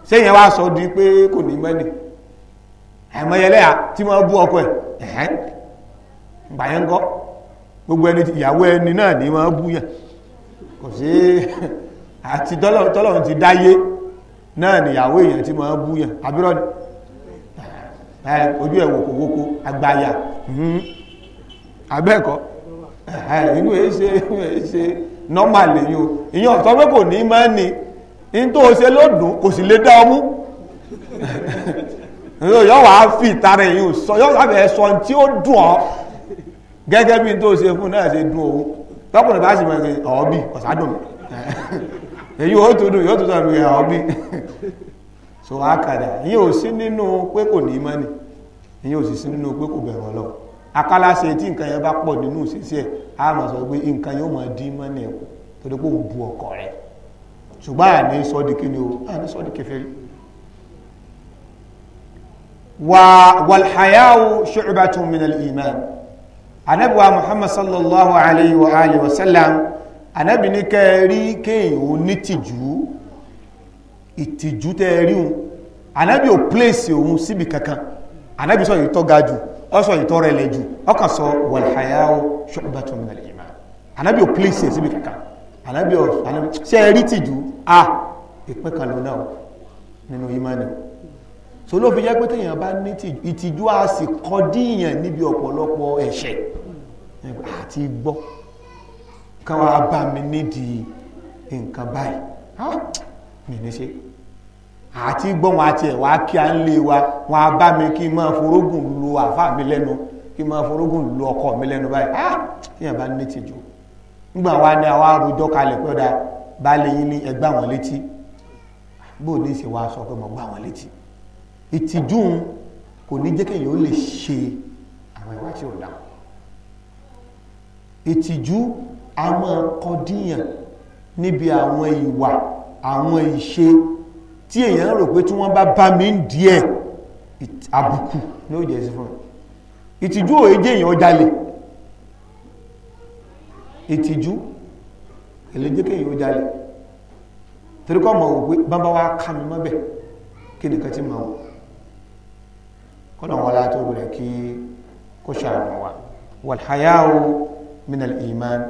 ṣé ìyẹn wàá sọ di pé kò ní mọ́ni àìmọye ẹlẹ́yà tí wọ́n bú ọkọ ẹ̀ gbà yẹn ń kọ́ gbogbo ẹni ìyàwó ẹni náà ní wọ́n bú yẹn kò sí àti tọ́lọ́run ti dáyé náà nìyàwó èèyàn tí wọ́n bú yẹn àbúrò ni ojú ẹ̀ wòkòwòkò abẹ́ẹ̀kọ́ inú ẹ̀ ṣe normal le yo iyan to pe ko ni ma ni in to se lodun ko si le da omu yo yo fi tare yo so yo o dun o gege bi to se fun na se dun owo to ko ba si mo ke o bi o sa dun e yo o bi so akada yo si ninu pe ko ni ma si si ninu pe ko be akálàṣe tí nǹkan yẹn bá pọ̀ nínú ìṣesí ẹ̀ á máa sọ pé nǹkan yẹn ó máa dín mọ́nà ẹ̀ torí pé òun bu ọkọ rẹ̀ ṣùgbọ́n àní sọ́dí ni o àní sọ́dí kèfèrí wa walhayawu shu'batun min al-iman anabi wa muhammad sallallahu alayhi wa alihi wa sallam anabi ní kẹrí kéèyàn ò ní tìjú ìtìjú tẹ́ rí òun anabi ò pléèsì òun síbi kankan anabi sọ yìí tó ga jù ọsọ ìtọrọ ẹlẹ jù ọkàn sọ wàlhàyàwó ṣọgbàtún nílẹ ìmá anabi ò pílíṣẹ síbi kankan anabi ò anabi ṣe ẹ rí tìjú a ìpín kan ló náà nínú ìmánì so ló fi jẹ́ pé téèyàn bá ní tìjú ìtìjú a sì kọ díyàn níbi ọ̀pọ̀lọpọ̀ ẹ̀ṣẹ̀ àti gbọ́ káwa bá mi nídìí nǹkan báyìí mi ní ṣe àti gbọ́n wa àti ẹ̀wà kí a ń lé wa wọn a bá mi kí n máa forógùn lu àfà mi lẹ́nu kí n máa forógùn lu ọkọ mi lẹ́nu báyìí ah tíyàn bá ní tìjú nígbà wa ni àwa rojọ́ kalẹ̀ pé ọ̀dà bá lè yín ní ẹgbà wọn létí bó ní ṣe wá sọ pé mo gbà wọn létí ìtìjú kò ní jẹ́ kéèyàn ó lè ṣe àwọn ìwà tí ò dá ìtìjú a máa kọ díyàn níbi àwọn ìwà àwọn ìṣe tí èèyàn rò pé tí wọ́n bá bá mi ń díẹ̀ àbùkù ló jẹ́ sí fún ìtìjú òye jẹ́ èèyàn jalè ìtìjú èlejékè èèyàn jalè toríkọ́ mọ̀ wò pé bá bá wá ká mi mọ́bẹ̀ kí nìkan ti mọ̀ wọ́n kọ́nà wọ́n látó rẹ̀ kí kó ṣàrùn wa wàlhayáwó minal iman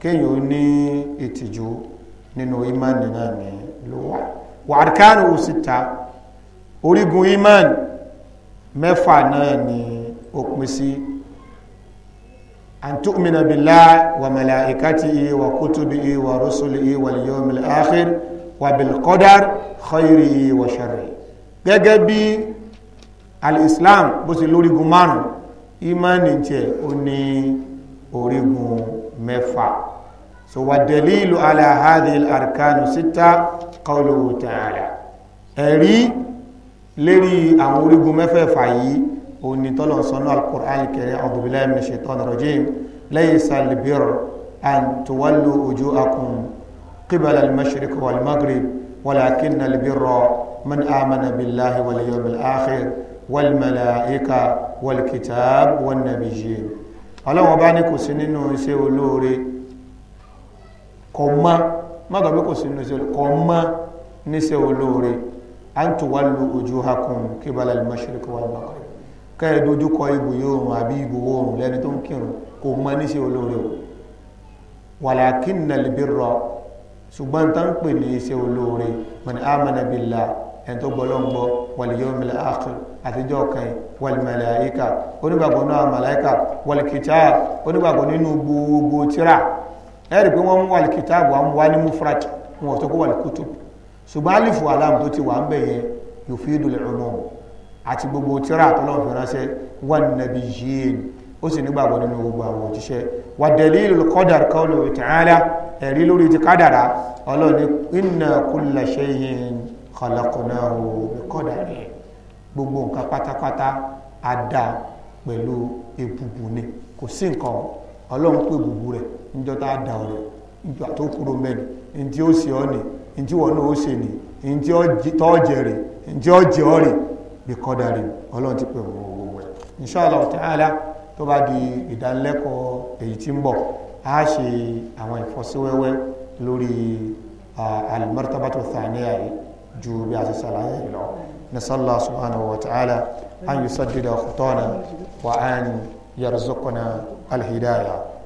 kéèyàn ní ìtìjú nínú iman nínú àmì lówà wa arkanu sitta orígun iman mẹ́fà náà ni ó pín sí an tu'mina billahi wa malaikatihi wa kutubihi wa rusulihi wal yawmil akhir wa bil qadar khayrihi wa sharrihi gẹ́gẹ́ bí al bó ṣe lórígun márùn-ún imani ó ní orígun mẹ́fà so wa dalilu ala hadhihi al-arkanu sitta qawluhu ta'ala ẹ̀rí lérí àwọn orígun mẹ́fẹ̀ẹ̀fà yìí òní tọ́lọ̀ sọ́nà al-Qur'an al-Karim a'udhu billahi minash shaitanir rajim laysa al-birru an tuwallu wujuhakum qibala al-mashriq wal-maghrib walakinna al-birra man amana billahi wal yawmil akhir wal malaika wal kọ̀ mọ́ mọ́tò pé kò sí nínú iṣẹ́ kọ̀ mọ́ níṣẹ́ olóore an tuwallu wujuhakum qibala al-mashriq wal-maghrib kẹ́ẹ̀ dojú kọ ibùyó oòrùn àbí ibùwọ̀ oòrùn lẹ́ni tó ń kírun kò mọ́ níṣẹ́ olóore o walakin na libirọ ṣùgbọ́n tán pè ní iṣẹ́ olóore mọ̀ni amana billa ẹni tó gbọ́lọ́gbọ́ waliyomil akhir àtijọ́ kan walmalaika onígbàgbọ́ náà malaika walkitab onígbàgbọ́ gbogbo tíra ẹ̀rì pé wọ́n mú wà kìtàbù àwọn wà ní mufrat wọn ò tó kó wà kutub ṣùgbọ́n alifu alam tó ti wà ń bẹ̀ yẹn yufidul umum àti gbogbo tíra àtọ́lọ́wọ́n fi ránṣẹ́ wan nabiyyin ó sì nígbàgbọ́ nínú gbogbo àwọn òjíṣẹ́ wà dalilul qadar qawlu ta'ala ẹ̀rí lórí ti kádàrá ọlọ́ni inna kulla shay'in khalaqnahu bi qadari gbogbo nǹkan pátápátá a pẹ̀lú èbùbù ni kò sí nǹkan ọlọ́run pé bùbù rẹ̀ níjọ́ tá a dà ọ̀rọ̀ nígbà tó kúrò mẹ́ni ní tí ó ṣe ọ́ ni ní tí wọ́n náà ó ṣe ni ní tí tọ́ jẹ rè ní tí ó jẹ ọ́ rè bí kọ́dà rè ọlọ́run ti pè wọ́n gbogbo ẹ̀ tó bá di ìdánilẹ́kọ̀ọ́ èyí tí ń bọ̀ a ṣe àwọn ìfọ́síwẹ́wẹ́ lórí al-martabatu yìí ju bí a ti ṣàlàyé lọ نسأل الله سبحانه وتعالى أن يسدد خطانا وأن يرزقنا الهداية